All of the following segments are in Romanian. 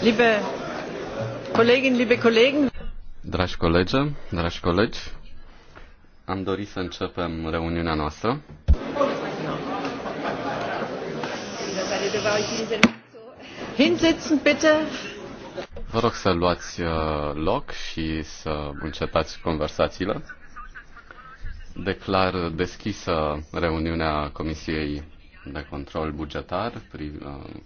Dragi colegi, dragi colegi, am dorit să începem reuniunea noastră. Hinsitzen bitte. Vă rog să luați uh, loc și să încetați conversațiile. Declar deschisă reuniunea Comisiei de Control Bugetar pri, uh,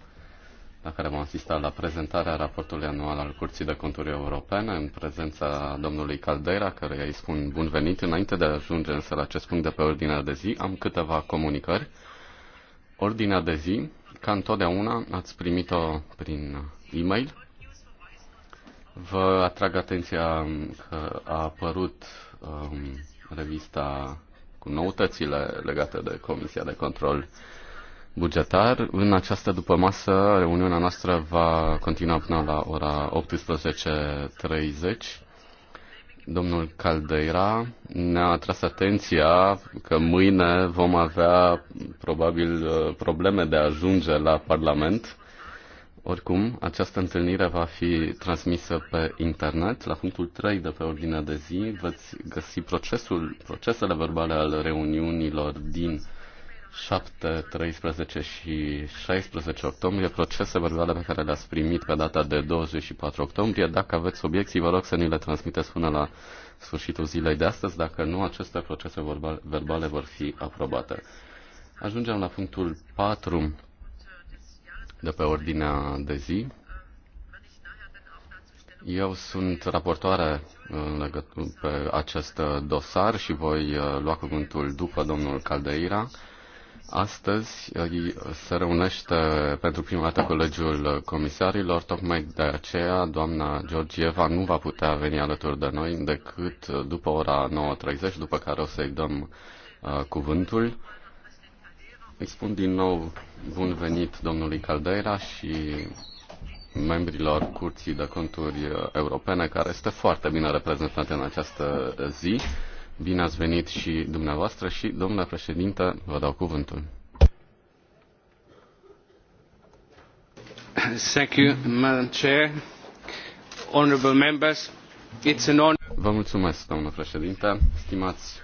la care am asistat la prezentarea raportului anual al Curții de Conturi Europene în prezența domnului Caldera, care îi spun bun venit. Înainte de a ajunge însă la acest punct de pe ordinea de zi, am câteva comunicări. Ordinea de zi, ca întotdeauna, ați primit-o prin e-mail. Vă atrag atenția că a apărut um, revista cu noutățile legate de Comisia de Control bugetar. În această dupămasă, reuniunea noastră va continua până la ora 18.30. Domnul Caldeira ne-a tras atenția că mâine vom avea probabil uh, probleme de a ajunge la Parlament. Oricum, această întâlnire va fi transmisă pe internet. La punctul 3 de pe ordinea de zi veți găsi procesul, procesele verbale ale reuniunilor din 7, 13 și 16 octombrie, procese verbale pe care le-ați primit pe data de 24 octombrie. Dacă aveți obiecții, vă rog să ni le transmiteți până la sfârșitul zilei de astăzi. Dacă nu, aceste procese verbale vor fi aprobate. Ajungem la punctul 4 de pe ordinea de zi. Eu sunt raportoare pe acest dosar și voi uh, lua cuvântul după domnul Caldeira Astăzi se reunește pentru prima dată Colegiul Comisarilor, tocmai de aceea doamna Georgieva nu va putea veni alături de noi decât după ora 9.30, după care o să-i dăm uh, cuvântul. Îi spun din nou bun venit domnului Caldeira și membrilor Curții de Conturi Europene, care este foarte bine reprezentate în această zi. Bine ați venit și dumneavoastră și, domnule președinte, vă dau cuvântul. Thank you, Madam Chair. Honorable members, it's an honor... Vă mulțumesc, domnule președinte. Stimați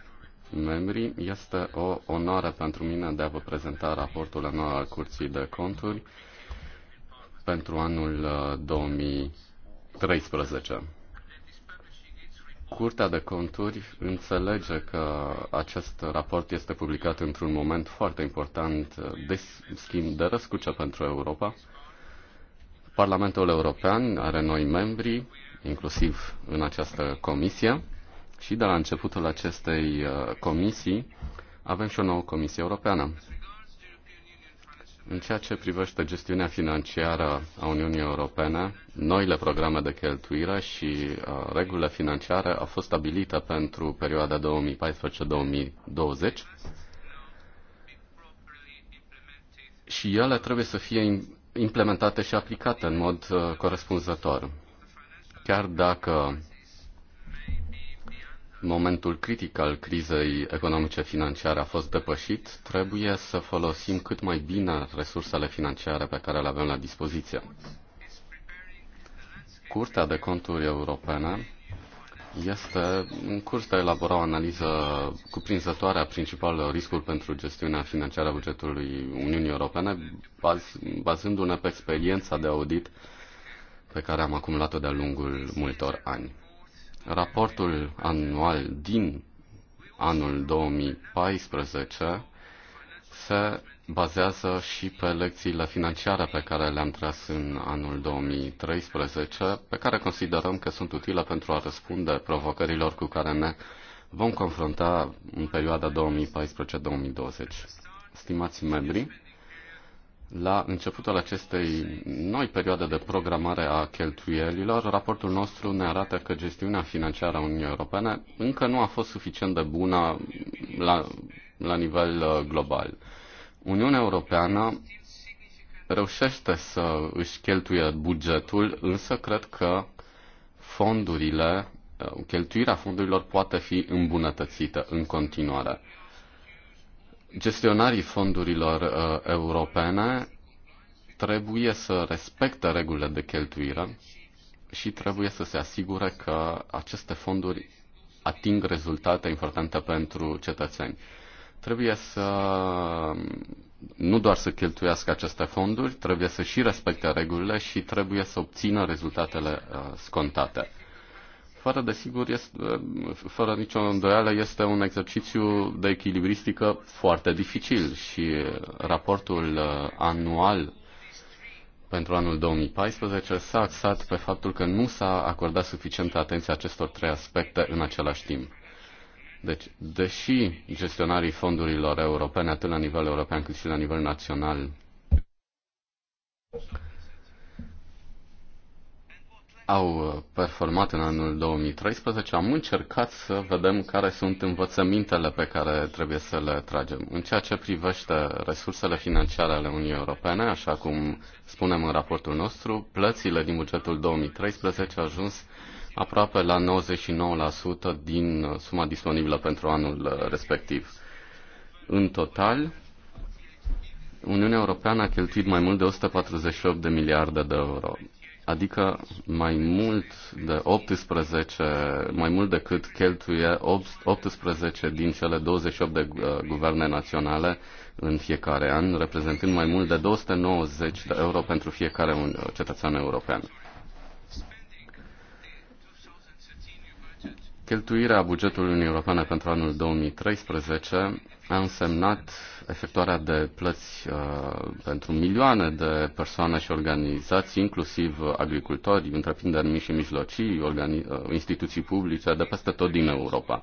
membri, este o onoare pentru mine de a vă prezenta raportul anual al Curții de Conturi pentru anul 2013. Uh, Curtea de conturi înțelege că acest raport este publicat într-un moment foarte important de schimb de răscuce pentru Europa. Parlamentul European are noi membri, inclusiv în această comisie, și de la începutul acestei uh, comisii avem și o nouă comisie europeană. În ceea ce privește gestiunea financiară a Uniunii Europene, noile programe de cheltuire și uh, regulile financiare au fost stabilite pentru perioada 2014-2020 și ele trebuie să fie implementate și aplicate în mod uh, corespunzător. Chiar dacă momentul critic al crizei economice financiare a fost depășit, trebuie să folosim cât mai bine resursele financiare pe care le avem la dispoziție. Curtea de conturi europene este în curs de a elabora o analiză cuprinzătoare a principalelor riscuri pentru gestiunea financiară a bugetului Uniunii Europene, baz, bazându-ne pe experiența de audit pe care am acumulat-o de-a lungul multor ani. Raportul anual din anul 2014 se bazează și pe lecțiile financiare pe care le-am tras în anul 2013, pe care considerăm că sunt utile pentru a răspunde provocărilor cu care ne vom confrunta în perioada 2014-2020. Stimați membri, la începutul acestei noi perioade de programare a cheltuielilor, raportul nostru ne arată că gestiunea financiară a Uniunii Europene încă nu a fost suficient de bună la, la nivel uh, global. Uniunea Europeană reușește să își cheltuie bugetul, însă cred că fondurile, uh, cheltuirea fondurilor poate fi îmbunătățită în continuare gestionarii fondurilor uh, europene trebuie să respecte regulile de cheltuire și trebuie să se asigure că aceste fonduri ating rezultate importante pentru cetățeni. Trebuie să nu doar să cheltuiască aceste fonduri, trebuie să și respecte regulile și trebuie să obțină rezultatele uh, scontate fără de sigur, este, fără nicio îndoială, este un exercițiu de echilibristică foarte dificil și raportul uh, anual pentru anul 2014 s-a axat pe faptul că nu s-a acordat suficientă atenție acestor trei aspecte în același timp. Deci, deși gestionarii fondurilor europene, atât la nivel european cât și la nivel național, au uh, performat în anul 2013, am încercat să vedem care sunt învățămintele pe care trebuie să le tragem. În ceea ce privește resursele financiare ale Uniunii Europene, așa cum spunem în raportul nostru, plățile din bugetul 2013 au ajuns aproape la 99% din uh, suma disponibilă pentru anul uh, respectiv. În total, Uniunea Europeană a cheltuit mai mult de 148 de miliarde de euro adică mai mult de 18, mai mult decât cheltuie 18 din cele 28 de uh, guverne naționale în fiecare an, reprezentând mai mult de 290 de euro pentru fiecare un uh, cetățean european. Cheltuirea bugetului Uniunii Europene pentru anul 2013 a însemnat efectuarea de plăți uh, pentru milioane de persoane și organizații, inclusiv agricultori, întreprinderi mici și mijlocii, organi- uh, instituții publice de peste tot din Europa.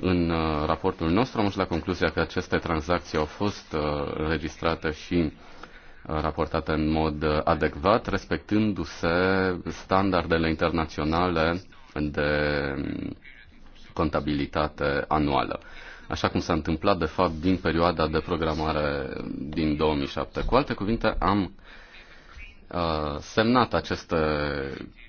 În uh, raportul nostru am ajuns la concluzia că aceste tranzacții au fost uh, registrate și uh, raportate în mod uh, adecvat, respectându-se standardele internaționale de contabilitate anuală așa cum s-a întâmplat, de fapt, din perioada de programare din 2007. Cu alte cuvinte, am uh, semnat aceste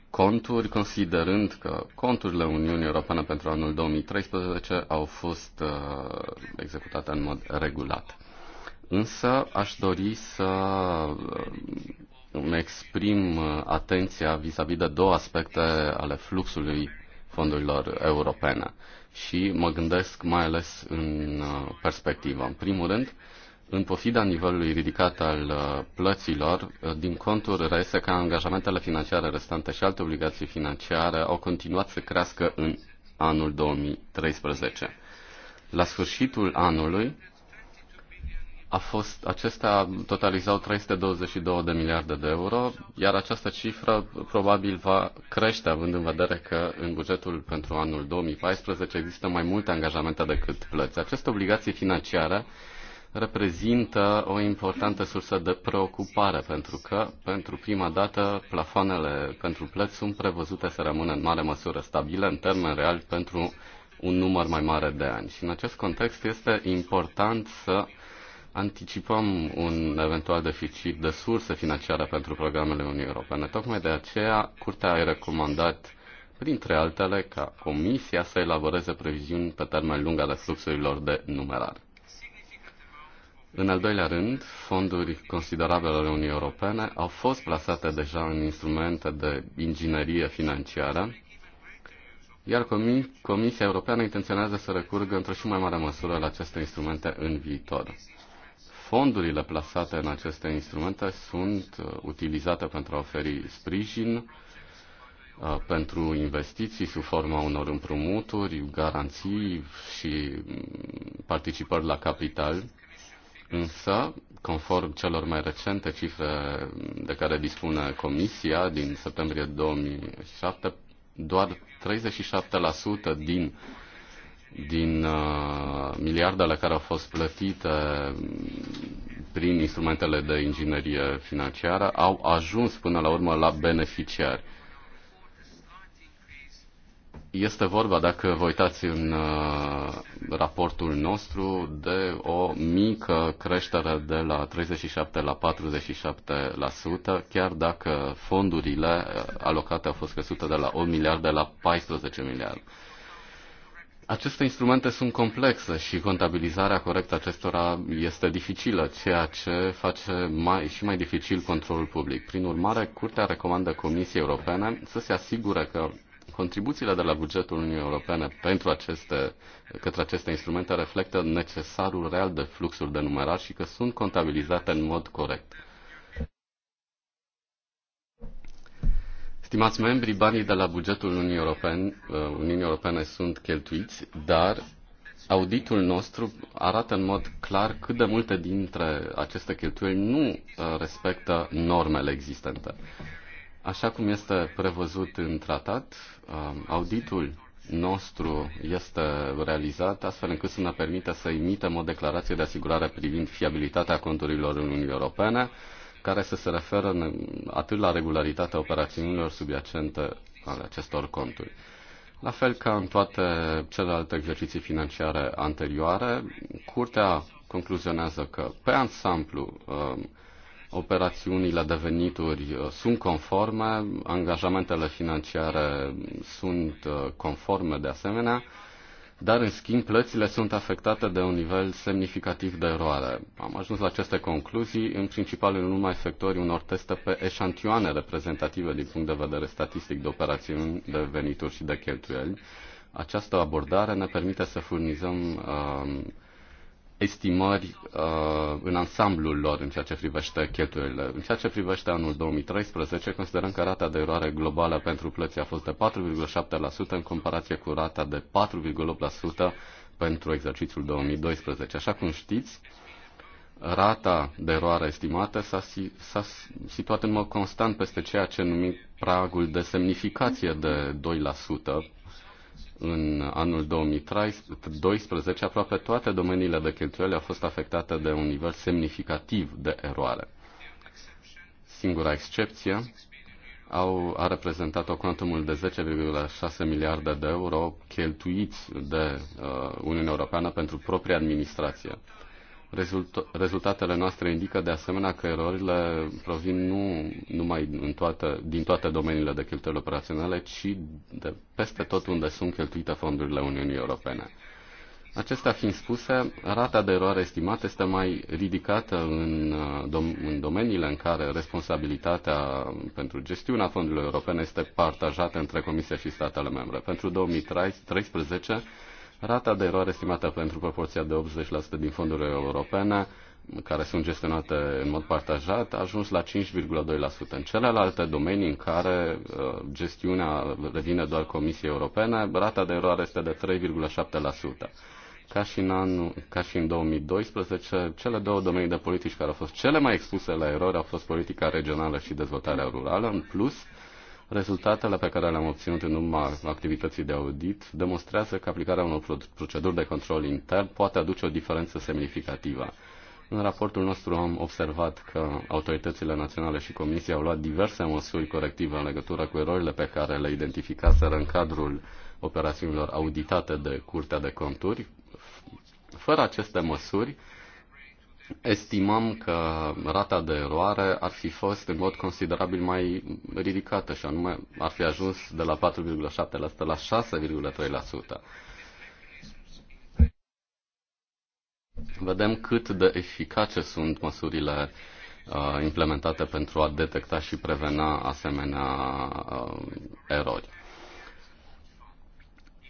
conturi, considerând că conturile Uniunii Europene pentru anul 2013 au fost uh, executate în mod regulat. Însă aș dori să uh, îmi exprim atenția vis-a-vis -vis de două aspecte ale fluxului fondurilor europene. Și mă gândesc mai ales în uh, perspectivă. În primul rând, în pofida nivelului ridicat al uh, plăților, uh, din conturi reiese că angajamentele financiare restante și alte obligații financiare au continuat să crească în anul 2013. La sfârșitul anului, a fost, acestea totalizau 322 de miliarde de euro, iar această cifră probabil va crește, având în vedere că în bugetul pentru anul 2014 există mai multe angajamente decât plăți. Aceste obligații financiare reprezintă o importantă sursă de preocupare, pentru că, pentru prima dată, plafoanele pentru plăți sunt prevăzute să rămână în mare măsură stabile, în termen real, pentru un număr mai mare de ani. Și în acest context este important să anticipăm un eventual deficit de surse financiare pentru programele Uniunii Europene. Tocmai de aceea, Curtea a recomandat, printre altele, ca Comisia să elaboreze previziuni pe termen lung ale fluxurilor de numerar. În al doilea rând, fonduri considerabile ale Uniunii Europene au fost plasate deja în instrumente de inginerie financiară, iar Comisia Europeană intenționează să recurgă într-o și mai mare măsură la aceste instrumente în viitor fondurile plasate în aceste instrumente sunt uh, utilizate pentru a oferi sprijin uh, pentru investiții sub forma unor împrumuturi, garanții și mm, participări la capital, însă, conform celor mai recente cifre mm, de care dispune Comisia din septembrie 2007, doar 37% din din uh, miliardele care au fost plătite prin instrumentele de inginerie financiară au ajuns până la urmă la beneficiari. Este vorba, dacă vă uitați în uh, raportul nostru, de o mică creștere de la 37 la 47%, chiar dacă fondurile uh, alocate au fost crescute de la 1 miliard de la 14 miliarde. Aceste instrumente sunt complexe și contabilizarea corectă acestora este dificilă, ceea ce face mai și mai dificil controlul public. Prin urmare, Curtea recomandă Comisiei Europene să se asigure că contribuțiile de la bugetul Uniunii Europene pentru aceste, către aceste instrumente reflectă necesarul real de fluxuri de numerar și că sunt contabilizate în mod corect. Stimați membri, banii de la bugetul Uniunii Europene, uh, Uniunii Europene sunt cheltuiți, dar auditul nostru arată în mod clar cât de multe dintre aceste cheltuieli nu uh, respectă normele existente. Așa cum este prevăzut în tratat, um, auditul nostru este realizat astfel încât să ne permită să emitem o declarație de asigurare privind fiabilitatea conturilor în Uniunii Europene, care să se referă atât la regularitatea operațiunilor subiacente ale acestor conturi. La fel ca în toate celelalte exerciții financiare anterioare, Curtea concluzionează că, pe ansamblu, um, operațiunile de venituri uh, sunt conforme, angajamentele financiare sunt uh, conforme de asemenea dar în schimb plățile sunt afectate de un nivel semnificativ de eroare. Am ajuns la aceste concluzii, în principal în urma efectorii unor teste pe eșantioane reprezentative din punct de vedere statistic de operațiuni, de venituri și de cheltuieli. Această abordare ne permite să furnizăm uh, estimări uh, în ansamblul lor în ceea ce privește cheltuielile. În ceea ce privește anul 2013, considerăm că rata de eroare globală pentru plăți a fost de 4,7% în comparație cu rata de 4,8% pentru exercițiul 2012. Așa cum știți, rata de eroare estimată s-a, s-a situat în mod constant peste ceea ce numim pragul de semnificație de 2% în anul 2012 aproape toate domeniile de cheltuieli au fost afectate de un nivel semnificativ de eroare. Singura excepție au, a reprezentat o cuantumul de 10,6 miliarde de euro cheltuiți de uh, Uniunea Europeană pentru propria administrație. Rezult- rezultatele noastre indică de asemenea că erorile provin nu numai în toate, din toate domeniile de cheltuieli operaționale, ci de peste tot unde sunt cheltuite fondurile Uniunii Europene. Acestea fiind spuse, rata de eroare estimată este mai ridicată în, uh, dom- în domeniile în care responsabilitatea pentru gestiunea fondurilor europene este partajată între Comisie și statele membre. Pentru 2013, Rata de eroare estimată pentru proporția de 80% din fondurile europene care sunt gestionate în mod partajat a ajuns la 5,2%. În celelalte domenii în care uh, gestiunea revine doar Comisiei Europene, rata de eroare este de 3,7%. Ca și, în anul, ca și în 2012, cele două domenii de politici care au fost cele mai expuse la erori au fost politica regională și dezvoltarea rurală. În plus, Rezultatele pe care le-am obținut în urma activității de audit demonstrează că aplicarea unor proceduri de control intern poate aduce o diferență semnificativă. În raportul nostru am observat că autoritățile naționale și Comisia au luat diverse măsuri corective în legătură cu erorile pe care le identificaseră în cadrul operațiunilor auditate de Curtea de Conturi. Fără aceste măsuri, estimăm că rata de eroare ar fi fost în mod considerabil mai ridicată și anume ar fi ajuns de la 4,7% la 6,3%. Vedem cât de eficace sunt măsurile uh, implementate pentru a detecta și prevena asemenea uh, erori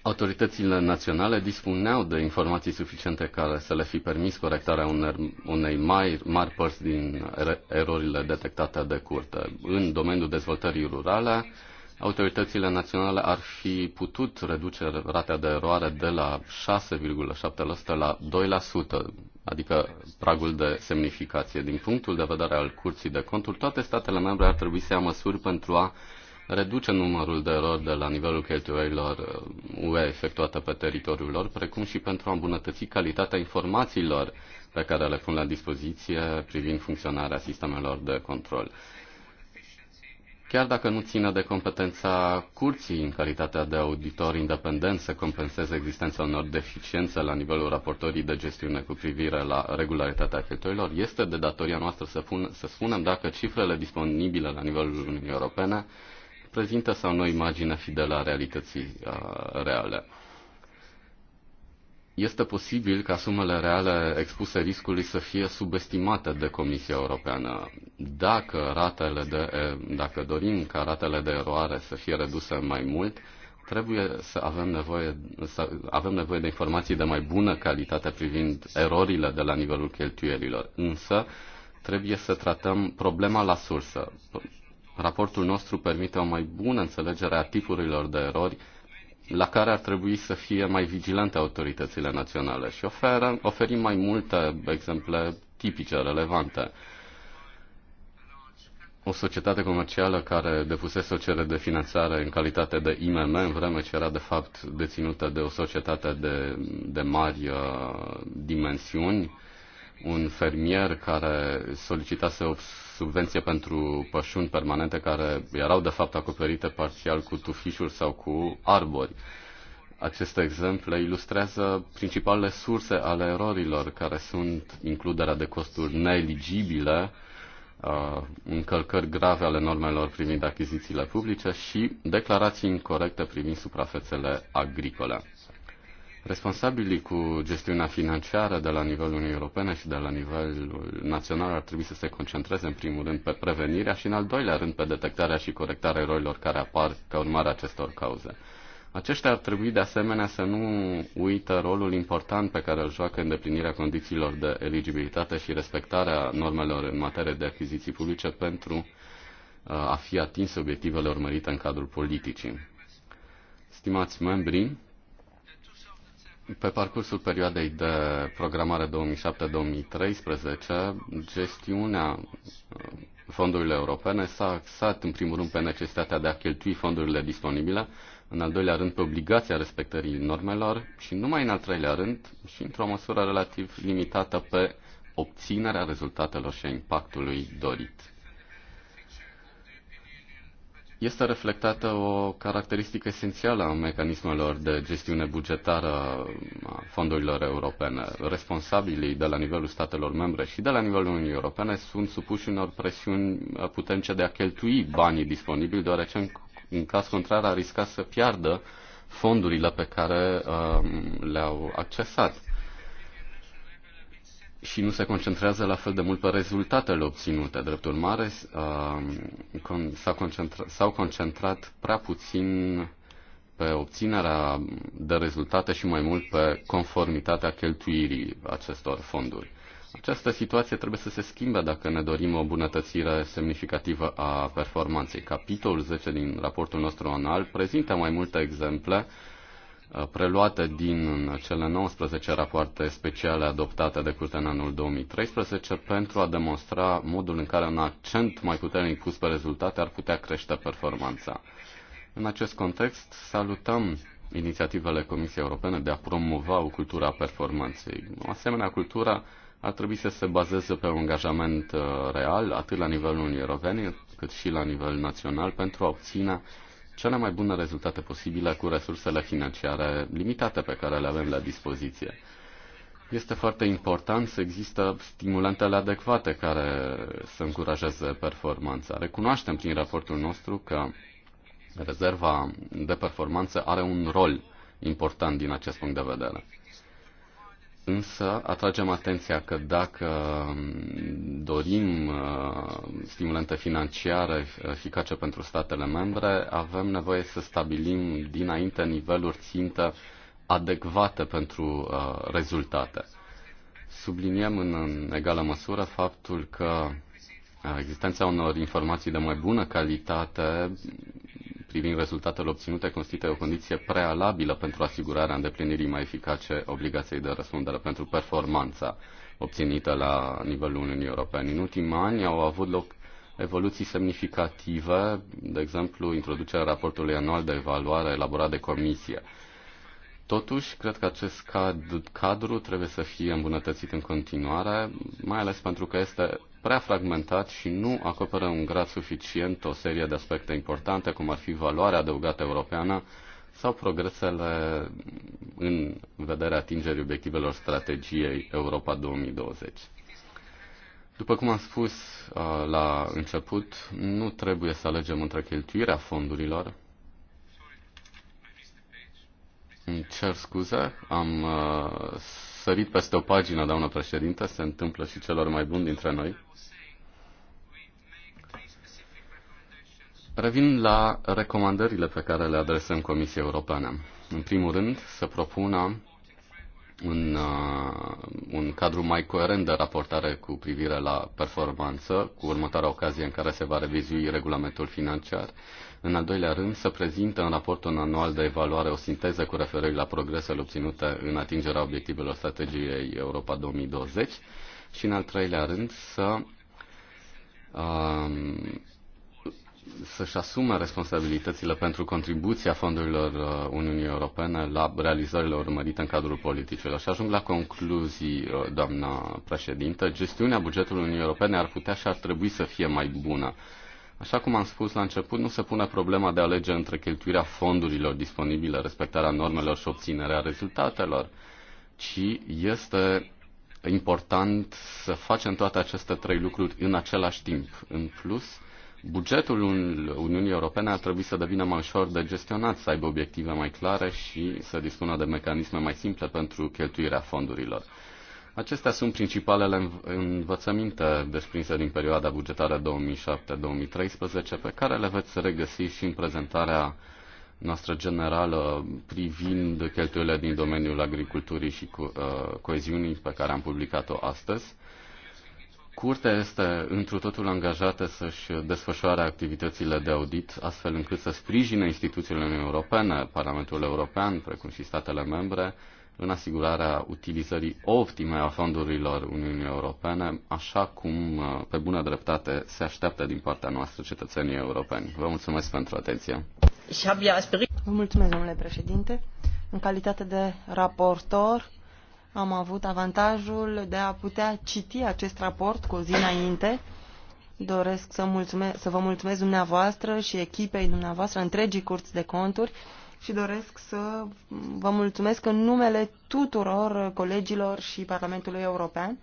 autoritățile naționale dispuneau de informații suficiente care să le fi permis corectarea unei mai mari părți din er-, erorile detectate de curte. În domeniul dezvoltării rurale, autoritățile naționale ar fi putut reduce rata de eroare de la 6,7% la 2%, adică pragul de semnificație. Din punctul de vedere al Curții de Conturi, toate statele membre ar trebui să ia măsuri pentru a reduce numărul de erori de la nivelul cheltuielilor UE uh, efectuate pe teritoriul lor, precum și pentru a îmbunătăți calitatea informațiilor pe care le pun la dispoziție privind funcționarea sistemelor de control. Chiar dacă nu ține de competența curții în calitatea de auditor independent să compenseze existența unor deficiențe la nivelul raportorii de gestiune cu privire la regularitatea cheltuielor, este de datoria noastră să, pun, să spunem dacă cifrele disponibile la nivelul Uniunii Europene prezintă sau nu imaginea fidelă a realității uh, reale. Este posibil ca sumele reale expuse riscului să fie subestimate de Comisia Europeană. Dacă, ratele de, dacă dorim ca ratele de eroare să fie reduse mai mult, trebuie să avem nevoie, să avem nevoie de informații de mai bună calitate privind erorile de la nivelul cheltuielilor. Însă, trebuie să tratăm problema la sursă raportul nostru permite o mai bună înțelegere a tipurilor de erori la care ar trebui să fie mai vigilante autoritățile naționale și oferă, oferim mai multe exemple tipice, relevante. O societate comercială care depusese o cerere de finanțare în calitate de IMM, în vreme ce era de fapt deținută de o societate de, de mari uh, dimensiuni, un fermier care solicitase o subvenție pentru pășuni permanente care erau de fapt acoperite parțial cu tufișuri sau cu arbori. Aceste exemple ilustrează principalele surse ale erorilor, care sunt includerea de costuri neeligibile, uh, încălcări grave ale normelor privind achizițiile publice și declarații incorrecte privind suprafețele agricole. Responsabilii cu gestiunea financiară de la nivelul Uniunii Europene și de la nivelul național ar trebui să se concentreze în primul rând pe prevenirea și în al doilea rând pe detectarea și corectarea erorilor care apar ca urmare a acestor cauze. Aceștia ar trebui de asemenea să nu uită rolul important pe care îl joacă îndeplinirea condițiilor de eligibilitate și respectarea normelor în materie de achiziții publice pentru uh, a fi atins obiectivele urmărite în cadrul politicii. Stimați membri, pe parcursul perioadei de programare 2007-2013, gestiunea uh, fondurilor europene s-a axat în primul rând pe necesitatea de a cheltui fondurile disponibile, în al doilea rând pe obligația respectării normelor și numai în al treilea rând și într-o măsură relativ limitată pe obținerea rezultatelor și a impactului dorit este reflectată o caracteristică esențială a mecanismelor de gestiune bugetară a fondurilor europene. Responsabilii de la nivelul statelor membre și de la nivelul Uniunii Europene sunt supuși unor presiuni puternice de a cheltui banii disponibili, deoarece în, în caz contrar a riscat să piardă fondurile pe care um, le-au accesat și nu se concentrează la fel de mult pe rezultatele obținute. Drept urmare, s-au concentrat, concentrat prea puțin pe obținerea de rezultate și mai mult pe conformitatea cheltuirii acestor fonduri. Această situație trebuie să se schimbe dacă ne dorim o bunătățire semnificativă a performanței. Capitolul 10 din raportul nostru anual prezintă mai multe exemple uh, Uh, preluată din cele 19 rapoarte speciale adoptate de curte în anul 2013 pentru a demonstra modul în care un accent mai puternic pus pe rezultate ar putea crește performanța. În acest context, salutăm inițiativele Comisiei Europene de a promova o cultură a performanței. O asemenea cultură ar trebui să se bazeze pe un angajament uh, real, atât la nivelul Uniunii Europene, cât și la nivel național, pentru a obține cele mai bune rezultate posibile cu resursele financiare limitate pe care le avem la dispoziție. Este foarte important să există stimulantele adecvate care să încurajeze performanța. Recunoaștem prin raportul nostru că rezerva de performanță are un rol important din acest punct de vedere. Însă atragem atenția că dacă um, dorim uh, stimulente financiare eficace pentru statele membre, avem nevoie să stabilim dinainte niveluri țintă adecvate pentru uh, rezultate. Subliniem în egală măsură faptul că existența unor informații de mai bună calitate privind rezultatele obținute constituie o condiție prealabilă pentru asigurarea îndeplinirii mai eficace obligației de răspundere pentru performanța obținută la nivelul Uniunii Europene. În ultimii ani au avut loc evoluții semnificative, de exemplu introducerea raportului anual de evaluare elaborat de comisie. Totuși, cred că acest cadru trebuie să fie îmbunătățit în continuare, mai ales pentru că este prea fragmentat și nu acoperă un grad suficient o serie de aspecte importante, cum ar fi valoarea adăugată europeană sau progresele în vederea atingerii obiectivelor strategiei Europa 2020. După cum am spus uh, la început, nu trebuie să alegem între cheltuirea fondurilor. Îmi cer scuze, am uh, sărit peste o pagină, doamnă președinte, se întâmplă și celor mai buni dintre noi. Revin la recomandările pe care le adresăm Comisiei Europene. În primul rând, să propună un, uh, un cadru mai coerent de raportare cu privire la performanță, cu următoarea ocazie în care se va revizui regulamentul financiar în al doilea rând, să prezintă în raportul anual de evaluare o sinteză cu referire la progresele obținute în atingerea obiectivelor strategiei Europa 2020 și, în al treilea rând, să um, să-și asume responsabilitățile pentru contribuția fondurilor uh, Uniunii Europene la realizările urmărite în cadrul politicilor. Și ajung la concluzii, uh, doamna președintă. Gestiunea bugetului Uniunii Europene ar putea și ar trebui să fie mai bună. Așa cum am spus la început, nu se pune problema de a alege între cheltuirea fondurilor disponibile, respectarea normelor și obținerea rezultatelor, ci este important să facem toate aceste trei lucruri în același timp. În plus, bugetul Uniunii Europene ar trebui să devină mai ușor de gestionat, să aibă obiective mai clare și să dispună de mecanisme mai simple pentru cheltuirea fondurilor. Acestea sunt principalele învățăminte desprinse din perioada bugetară 2007-2013, pe care le veți regăsi și în prezentarea noastră generală privind cheltuielile din domeniul agriculturii și co- uh, coeziunii pe care am publicat-o astăzi. Curtea este întru totul angajată să-și desfășoare activitățile de audit, astfel încât să sprijine instituțiile europene, Parlamentul European, precum și statele membre, în asigurarea utilizării optime a fondurilor Uniunii Europene, așa cum, uh, pe bună dreptate, se așteaptă din partea noastră cetățenii europeni. Vă mulțumesc pentru atenție. Vă mulțumesc, domnule președinte. În calitate de raportor, am avut avantajul de a putea citi acest raport cu o zi înainte. Doresc să, mulțumesc, să vă mulțumesc dumneavoastră și echipei dumneavoastră, întregii curți de conturi, și doresc să vă mulțumesc în numele tuturor colegilor și Parlamentului European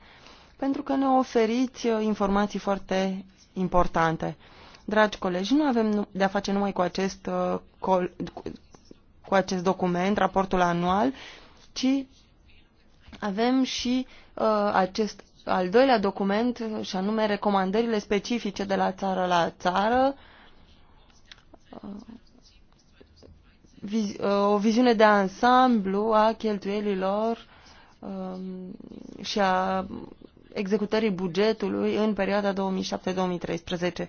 pentru că ne oferiți informații foarte importante. Dragi colegi, nu avem de-a face numai cu acest, uh, cu acest document, raportul anual, ci avem și uh, acest al doilea document, și anume recomandările specifice de la țară la țară, o viziune de ansamblu a cheltuielilor um, și a executării bugetului în perioada 2007-2013.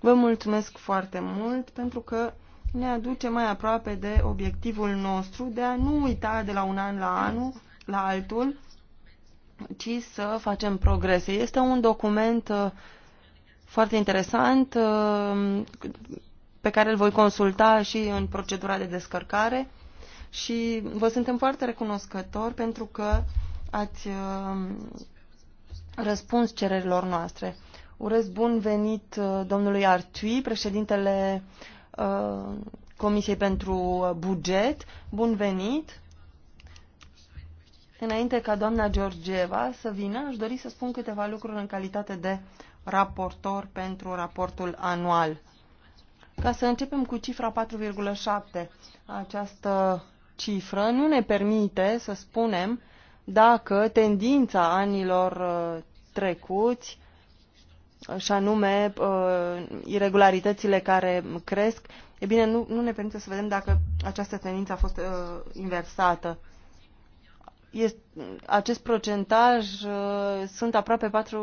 Vă mulțumesc foarte mult pentru că ne aduce mai aproape de obiectivul nostru de a nu uita de la un an la anul, la altul, ci să facem progrese. Este un document uh, foarte interesant uh, pe care îl voi consulta și în procedura de descărcare și vă suntem foarte recunoscători pentru că ați uh, răspuns cererilor noastre. Urez bun venit uh, domnului Artui, președintele uh, Comisiei pentru Buget. Bun venit! Înainte ca doamna Georgieva să vină, aș dori să spun câteva lucruri în calitate de raportor pentru raportul anual. Ca să începem cu cifra 4,7. Această cifră nu ne permite să spunem dacă tendința anilor uh, trecuți și anume uh, irregularitățile care cresc, e bine, nu, nu ne permite să vedem dacă această tendință a fost uh, inversată. Este, acest procentaj uh, sunt aproape 4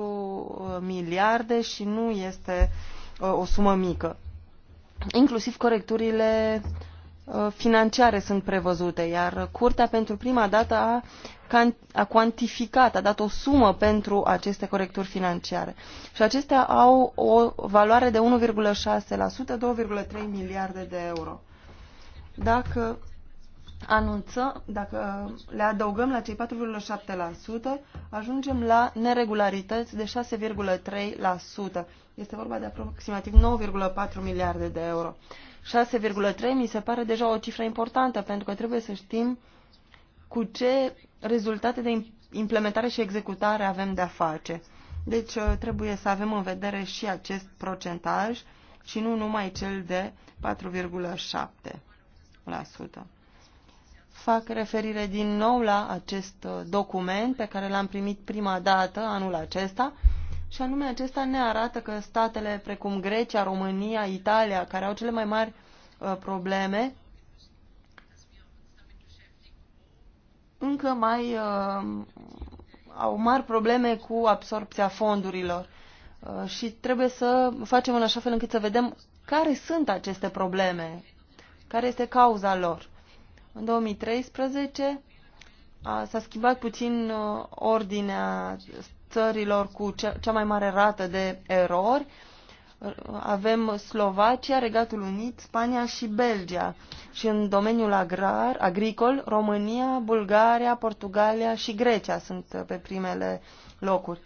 uh, miliarde și nu este uh, o sumă mică inclusiv corecturile uh, financiare sunt prevăzute, iar Curtea pentru prima dată a, a cuantificat, a dat o sumă pentru aceste corecturi financiare. Și acestea au o valoare de 1,6%, 2,3 miliarde de euro. Dacă anunță, dacă le adăugăm la cei 4,7%, ajungem la neregularități de 6,3%, este vorba de aproximativ 9,4 miliarde de euro. 6,3 mi se pare deja o cifră importantă, pentru că trebuie să știm cu ce rezultate de implementare și executare avem de-a face. Deci uh, trebuie să avem în vedere și acest procentaj și nu numai cel de 4,7%. Fac referire din nou la acest uh, document pe care l-am primit prima dată anul acesta și anume acesta ne arată că statele precum Grecia, România, Italia, care au cele mai mari uh, probleme, încă mai uh, au mari probleme cu absorpția fondurilor uh, și trebuie să facem în așa fel încât să vedem care sunt aceste probleme, care este cauza lor. În 2013 s-a schimbat puțin uh, ordinea țărilor cu cea mai mare rată de erori. Avem Slovacia, Regatul Unit, Spania și Belgia. Și în domeniul agrar, agricol, România, Bulgaria, Portugalia și Grecia sunt pe primele locuri.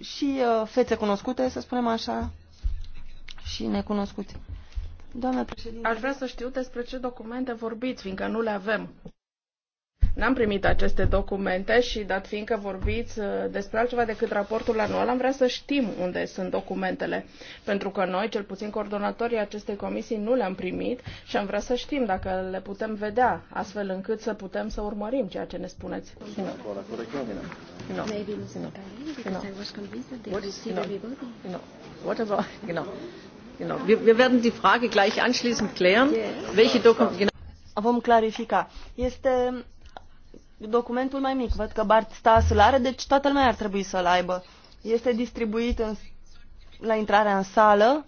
Și uh, fețe cunoscute, să spunem așa, și necunoscute. Doamna președinte. Aș vrea să știu despre ce documente vorbiți, fiindcă nu le avem. N-am primit aceste documente și, dat fiindcă vorbiți uh, despre altceva decât raportul anual, am vrea să știm unde sunt documentele. Pentru că noi, cel puțin coordonatorii acestei comisii, nu le-am primit și am vrea să știm dacă le putem vedea, astfel încât să putem să urmărim ceea ce ne spuneți. Vom clarifica. Este documentul mai mic. Văd că Bart Stas îl are, deci toată lumea ar trebui să-l aibă. Este distribuit în, la intrarea în sală.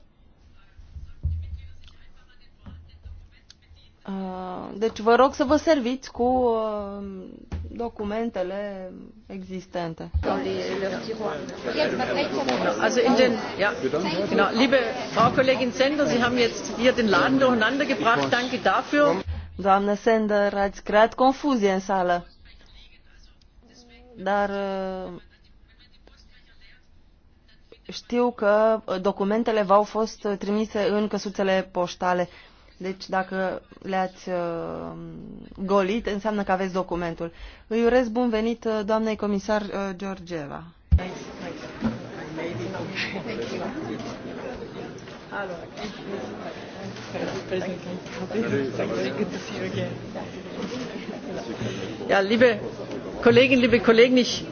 Uh, deci vă rog să vă serviți cu uh, documentele existente. Also in den, ja, genau, liebe Frau Kollegin Sender, Sie haben jetzt hier den Laden durcheinander gebracht. Danke dafür. Doamnă Sender, ați creat confuzie în sală dar uh, știu că documentele v-au fost trimise în căsuțele poștale. Deci dacă le-ați uh, golit, înseamnă că aveți documentul. Îi urez bun venit uh, doamnei comisar uh, Georgieva. Hello. Ja, liebe Kolleginnen, liebe Kollegen, ich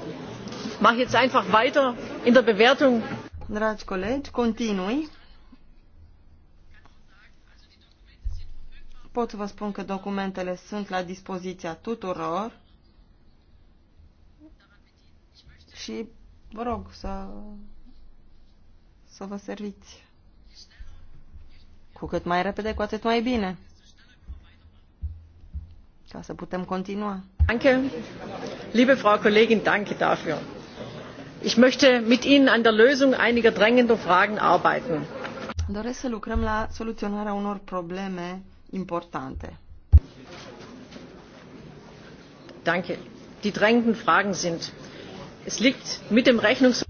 mache jetzt einfach weiter in der Bewertung. Dragi colegi, continui. Pot să vă spun că documentele sunt la dispoziția tuturor și vă rog să, să vă serviți. Cu cât mai repede, cu atât mai bine ca să putem continua. Danke, liebe Frau Kollegin, danke dafür. Ich möchte mit Ihnen an der Lösung einiger drängender Fragen arbeiten. Doresc să lucrăm la soluționarea unor probleme importante. Danke. Die drängenden Fragen sind. Es liegt mit dem Rechnungs...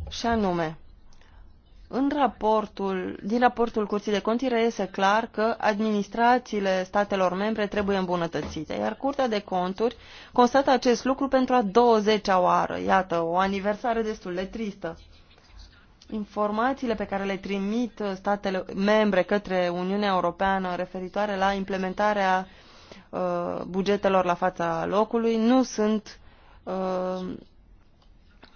În raportul, din raportul Curții de Conti reiese clar că administrațiile statelor membre trebuie îmbunătățite, iar Curtea de Conturi constată acest lucru pentru a 20-a oară. Iată, o aniversare destul de tristă. Informațiile pe care le trimit statele membre către Uniunea Europeană referitoare la implementarea uh, bugetelor la fața locului nu sunt, uh,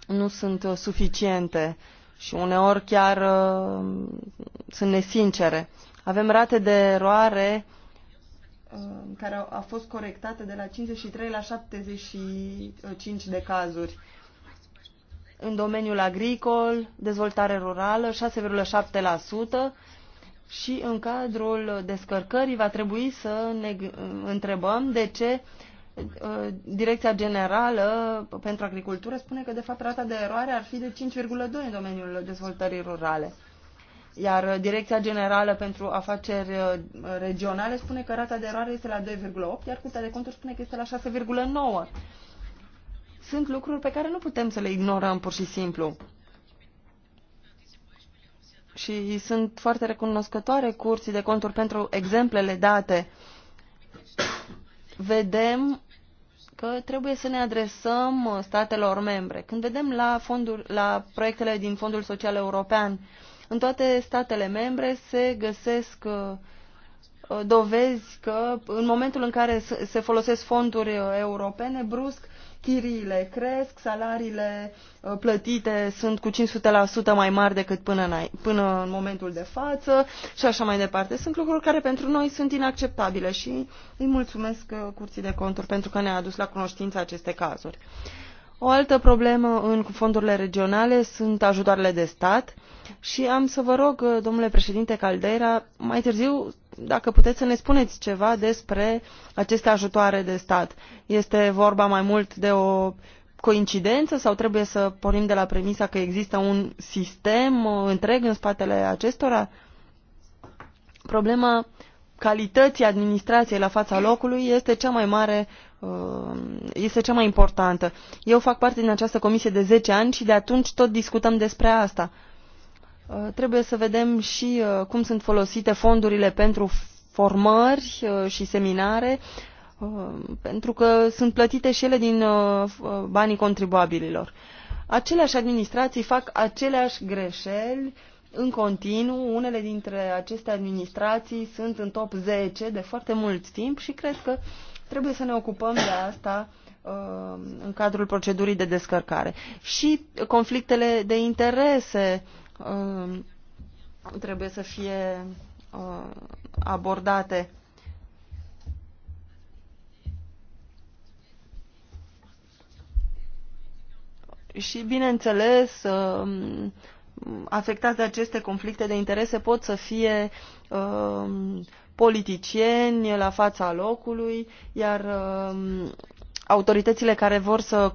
nu sunt suficiente. Uh, și uneori chiar uh, sunt nesincere. Avem rate de eroare uh, care a, a fost corectată de la 53 la 75 de cazuri. În domeniul agricol, dezvoltare rurală, 6,7% și în cadrul descărcării va trebui să ne întrebăm de ce uh, Uh, Direcția Generală pentru Agricultură spune că, de fapt, rata de eroare ar fi de 5,2 în domeniul dezvoltării rurale. Iar uh, Direcția Generală pentru Afaceri uh, Regionale spune că rata de eroare este la 2,8, iar Curtea de Conturi spune că este la 6,9. Sunt lucruri pe care nu putem să le ignorăm pur și simplu. Și sunt foarte recunoscătoare curții de conturi pentru exemplele date vedem că trebuie să ne adresăm uh, statelor membre. Când vedem la, fonduri, la proiectele din Fondul Social European, în toate statele membre se găsesc uh, uh, dovezi că în momentul în care se folosesc fonduri europene, brusc chiriile cresc, salariile uh, plătite sunt cu 500% mai mari decât până în, până în momentul de față și așa mai departe. Sunt lucruri care pentru noi sunt inacceptabile și îi mulțumesc uh, Curții de Conturi pentru că ne-a adus la cunoștință aceste cazuri. O altă problemă în fondurile regionale sunt ajutoarele de stat și am să vă rog, uh, domnule președinte Caldera, mai târziu dacă puteți să ne spuneți ceva despre aceste ajutoare de stat. Este vorba mai mult de o coincidență sau trebuie să pornim de la premisa că există un sistem uh, întreg în spatele acestora? Problema calității administrației la fața locului este cea mai mare, uh, este cea mai importantă. Eu fac parte din această comisie de 10 ani și de atunci tot discutăm despre asta. Uh, trebuie să vedem și uh, cum sunt folosite fondurile pentru formări uh, și seminare, pentru că sunt plătite și ele din banii contribuabililor. Aceleași administrații fac aceleași greșeli în continuu. Unele dintre aceste administrații sunt în top 10 de foarte mult timp și cred că trebuie să ne ocupăm de asta în cadrul procedurii de descărcare. Și conflictele de interese Um, trebuie să fie uh, abordate. Și, bineînțeles, uh, afectați de aceste conflicte de interese pot să fie uh, politicieni la fața locului, iar uh, autoritățile care vor să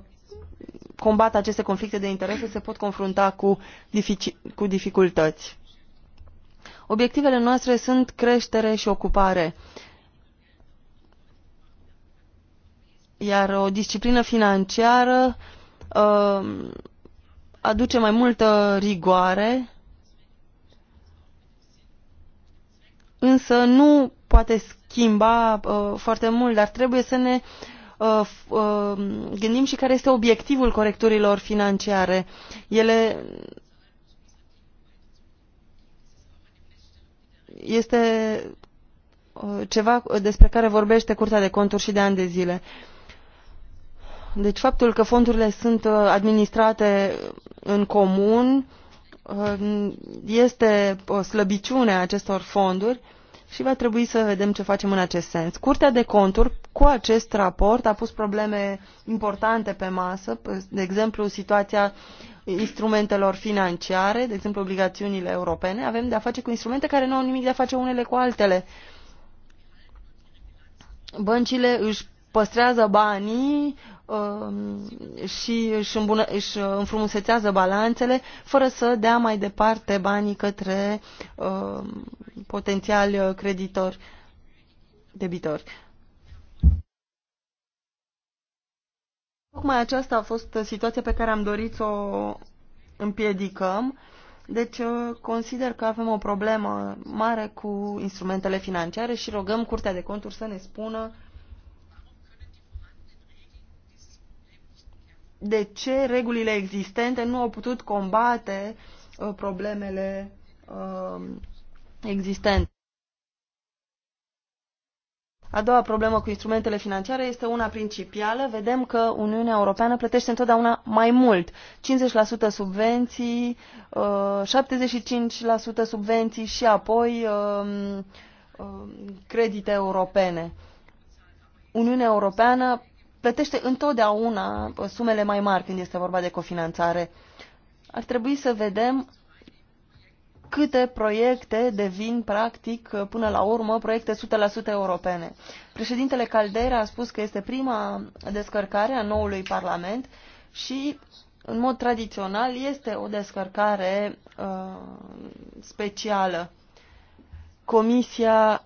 combată aceste conflicte de interese se pot confrunta cu, dific cu dificultăți. Obiectivele noastre sunt creștere și ocupare. Iar o disciplină financiară uh, aduce mai multă rigoare, însă nu poate schimba uh, foarte mult, dar trebuie să ne uh, Uh, uh, gândim și care este obiectivul corecturilor financiare. Ele este uh, ceva despre care vorbește Curtea de Conturi și de ani de zile. Deci faptul că fondurile sunt administrate în comun este o slăbiciune a acestor fonduri și va trebui să vedem ce facem în acest sens. Curtea de conturi, cu acest raport, a pus probleme importante pe masă, de exemplu, situația instrumentelor financiare, de exemplu, obligațiunile europene. Avem de-a face cu instrumente care nu au nimic de-a face unele cu altele. Băncile își păstrează banii Um, și își, îmbună, își înfrumusețează balanțele fără să dea mai departe banii către um, potențiali creditori, debitori. Tocmai aceasta a fost situația pe care am dorit să o împiedicăm. Deci uh, consider că avem o problemă mare cu instrumentele financiare și rogăm Curtea de Conturi să ne spună de ce regulile existente nu au putut combate uh, problemele um, existente. A doua problemă cu instrumentele financiare este una principială. Vedem că Uniunea Europeană plătește întotdeauna mai mult. 50% subvenții, 75% uh, subvenții și apoi um, um, credite europene. Uniunea Europeană plătește întotdeauna uh, sumele mai mari când este vorba de cofinanțare. Ar trebui să vedem câte proiecte devin practic uh, până la urmă proiecte 100% europene. Președintele Caldera a spus că este prima descărcare a noului Parlament și în mod tradițional este o descărcare uh, specială. Comisia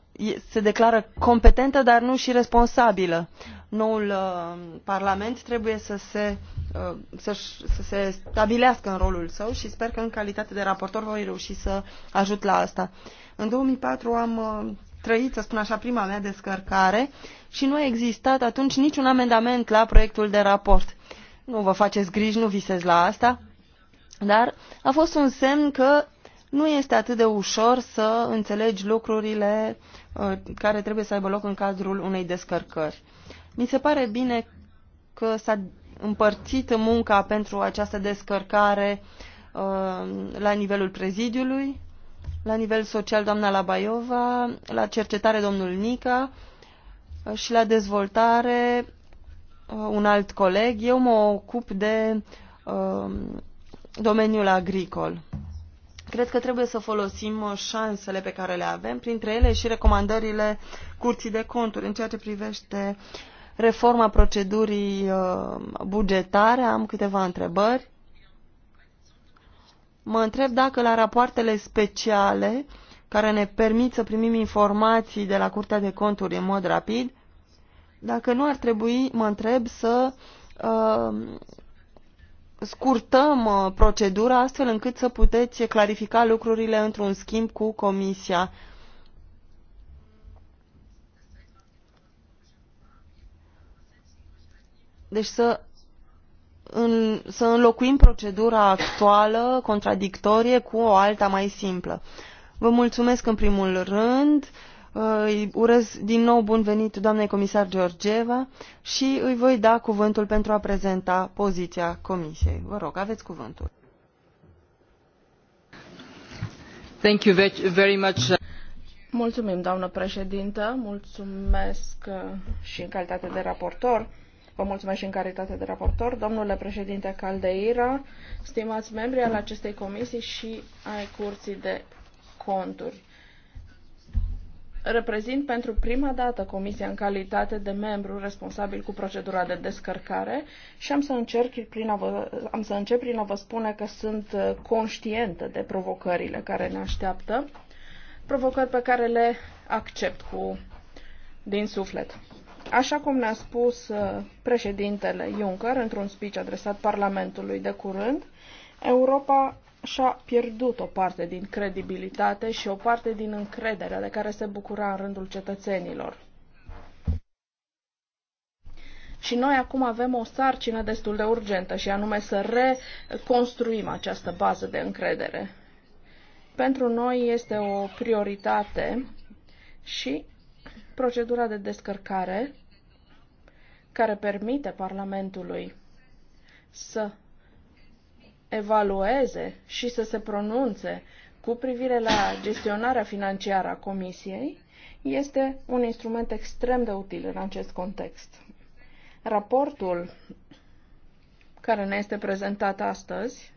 se declară competentă, dar nu și responsabilă noul uh, Parlament trebuie să se, uh, să, să se stabilească în rolul său și sper că în calitate de raportor voi reuși să ajut la asta. În 2004 am uh, trăit, să spun așa, prima mea descărcare și nu a existat atunci niciun amendament la proiectul de raport. Nu vă faceți griji, nu visez la asta, dar a fost un semn că nu este atât de ușor să înțelegi lucrurile care trebuie să aibă loc în cadrul unei descărcări. Mi se pare bine că s-a împărțit munca pentru această descărcare uh, la nivelul prezidiului, la nivel social doamna Labaiova, la cercetare domnul Nica uh, și la dezvoltare uh, un alt coleg. Eu mă ocup de uh, domeniul agricol. Cred că trebuie să folosim uh, șansele pe care le avem, printre ele și recomandările curții de conturi în ceea ce privește uh, reforma procedurii uh, bugetare, am câteva întrebări. Mă întreb dacă la rapoartele speciale care ne permit să primim informații de la Curtea de Conturi în mod rapid, dacă nu ar trebui, mă întreb, să uh, scurtăm uh, procedura astfel încât să puteți clarifica lucrurile într-un schimb cu Comisia uh, Deci să, în, să înlocuim procedura actuală, contradictorie, cu o alta mai simplă. Vă mulțumesc în primul rând, îi urez din nou bun venit doamnei comisar Georgieva și îi voi da cuvântul pentru a prezenta poziția comisiei. Vă rog, aveți cuvântul. Thank you very much. Mulțumim, doamnă președintă, mulțumesc și în calitate de raportor Vă mulțumesc și în calitate de raportor, domnule președinte Caldeira, stimați membri al acestei comisii și ai curții de conturi. Reprezint pentru prima dată comisia în calitate de membru responsabil cu procedura de descărcare și am să, încerc prin a vă, am să încep prin a vă spune că sunt conștientă de provocările care ne așteaptă, provocări pe care le accept cu din suflet. Așa cum ne-a spus uh, președintele Juncker într-un speech adresat Parlamentului de curând, Europa și-a pierdut o parte din credibilitate și o parte din încrederea de care se bucura în rândul cetățenilor. Și noi acum avem o sarcină destul de urgentă și anume să reconstruim această bază de încredere. Pentru noi este o prioritate și procedura de descărcare care permite Parlamentului să evalueze și să se pronunțe cu privire la gestionarea financiară a Comisiei este un instrument extrem de util în acest context. Raportul care ne este prezentat astăzi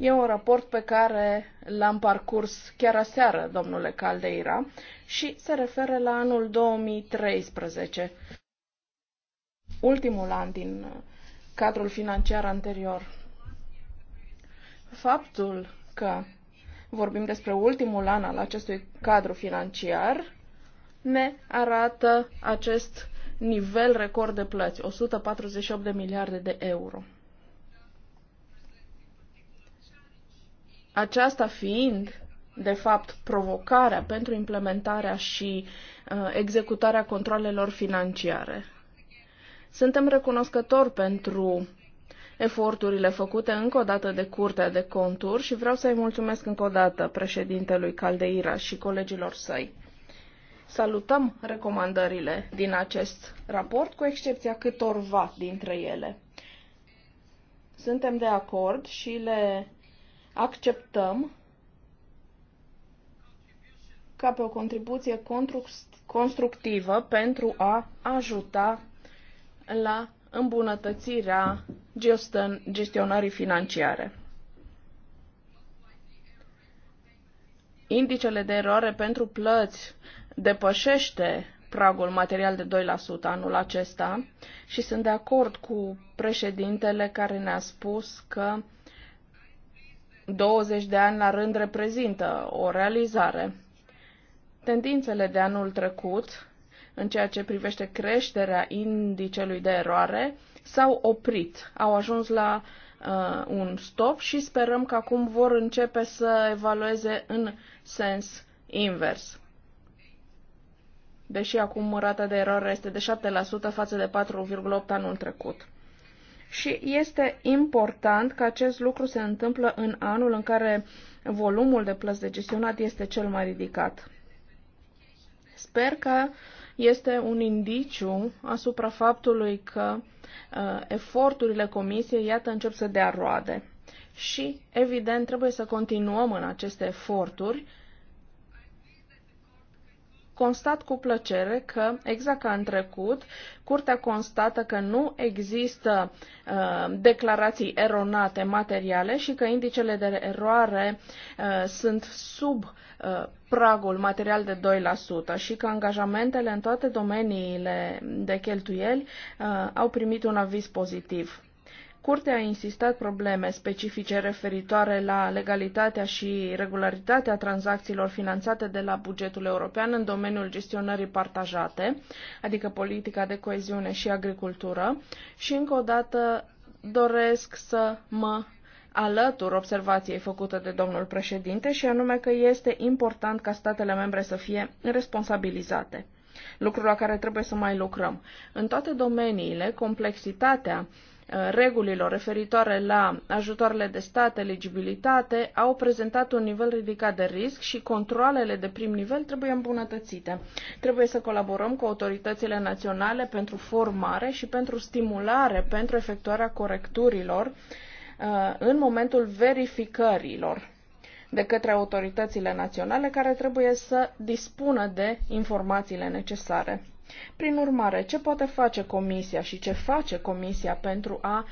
E un raport pe care l-am parcurs chiar aseară, domnule Caldeira, și se referă la anul 2013, ultimul an din uh, cadrul financiar anterior. Faptul că vorbim despre ultimul an al acestui cadru financiar ne arată acest nivel record de plăți, 148 de miliarde de euro. Aceasta fiind, de fapt, provocarea pentru implementarea și uh, executarea controlelor financiare. Suntem recunoscători pentru eforturile făcute încă o dată de Curtea de Conturi și vreau să-i mulțumesc încă o dată președintelui Caldeira și colegilor săi. Salutăm recomandările din acest raport, cu excepția câtorva dintre ele. Suntem de acord și le acceptăm ca pe o contribuție constructivă pentru a ajuta la îmbunătățirea gestionării financiare. Indicele de eroare pentru plăți depășește pragul material de 2% anul acesta și sunt de acord cu președintele care ne-a spus că 20 de ani la rând reprezintă o realizare. Tendințele de anul trecut, în ceea ce privește creșterea indicelui de eroare, s-au oprit, au ajuns la uh, un stop și sperăm că acum vor începe să evalueze în sens invers. Deși acum rata de eroare este de 7% față de 4,8% anul trecut și este important că acest lucru se întâmplă în anul în care volumul de plăți de gestionat este cel mai ridicat. Sper că este un indiciu asupra faptului că uh, eforturile comisiei, iată, încep să dea roade. Și, evident, trebuie să continuăm în aceste eforturi constat cu plăcere că, exact ca în trecut, Curtea constată că nu există uh, declarații eronate materiale și că indicele de eroare uh, sunt sub uh, pragul material de 2% și că angajamentele în toate domeniile de cheltuieli uh, au primit un aviz pozitiv. Curtea a insistat probleme specifice referitoare la legalitatea și regularitatea tranzacțiilor finanțate de la bugetul european în domeniul gestionării partajate, adică politica de coeziune și agricultură, și încă o dată doresc să mă alătur observației făcute de domnul președinte și anume că este important ca statele membre să fie responsabilizate lucru la care trebuie să mai lucrăm. În toate domeniile, complexitatea Uh, regulilor referitoare la ajutoarele de stat, eligibilitate, au prezentat un nivel ridicat de risc și controlele de prim nivel trebuie îmbunătățite. Trebuie să colaborăm cu autoritățile naționale pentru formare și pentru stimulare pentru efectuarea corecturilor uh, în momentul verificărilor de către autoritățile naționale care trebuie să dispună de informațiile necesare. Prin urmare, ce poate face Comisia și ce face Comisia pentru a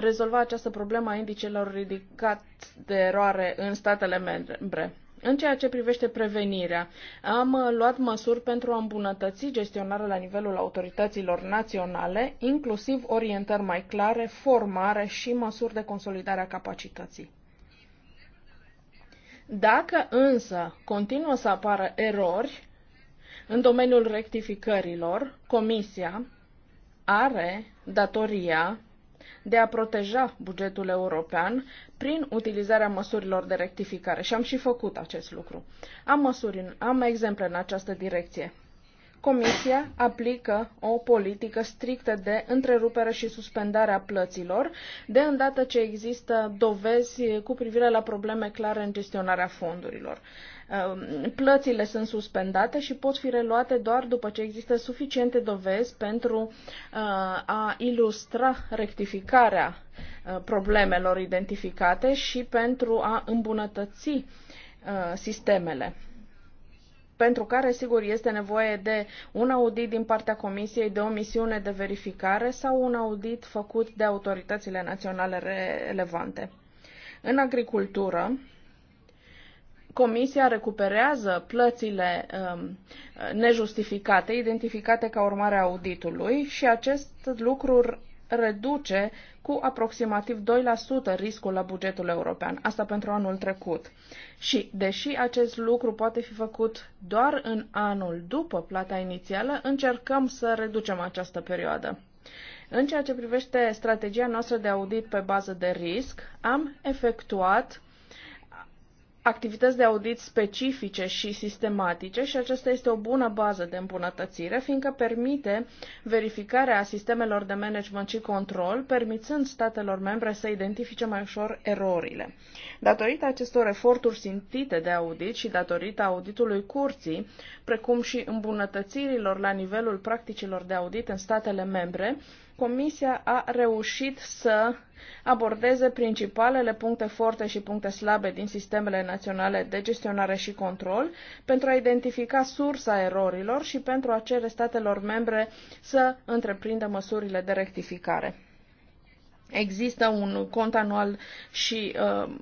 rezolva această problemă a indicelor ridicat de eroare în statele membre? În ceea ce privește prevenirea, am luat măsuri pentru a îmbunătăți gestionarea la nivelul autorităților naționale, inclusiv orientări mai clare, formare și măsuri de consolidare a capacității. Dacă însă continuă să apară erori, în domeniul rectificărilor, Comisia are datoria de a proteja bugetul european prin utilizarea măsurilor de rectificare și am și făcut acest lucru. Am, măsuri, am exemple în această direcție. Comisia aplică o politică strictă de întrerupere și suspendare a plăților, de îndată ce există dovezi cu privire la probleme clare în gestionarea fondurilor. Um, plățile sunt suspendate și pot fi reluate doar după ce există suficiente dovezi pentru uh, a ilustra rectificarea uh, problemelor identificate și pentru a îmbunătăți uh, sistemele pentru care, sigur, este nevoie de un audit din partea Comisiei, de o misiune de verificare sau un audit făcut de autoritățile naționale relevante. În agricultură, Comisia recuperează plățile um, nejustificate, identificate ca urmare a auditului și acest lucru reduce cu aproximativ 2% riscul la bugetul european, asta pentru anul trecut. Și, deși acest lucru poate fi făcut doar în anul după plata inițială, încercăm să reducem această perioadă. în ceea ce privește strategia noastră de audit pe bază de risc, am efectuat activități de audit specifice și sistematice și aceasta este o bună bază de îmbunătățire, fiindcă permite verificarea sistemelor de management și control, permițând statelor membre să identifice mai ușor erorile. Datorită acestor eforturi simțite de audit și datorită auditului curții, precum și îmbunătățirilor la nivelul practicilor de audit în statele membre, Comisia a reușit să abordeze principalele puncte forte și puncte slabe din sistemele naționale de gestionare și control pentru a identifica sursa erorilor și pentru a cere statelor membre să întreprindă măsurile de rectificare. Există un cont anual și uh,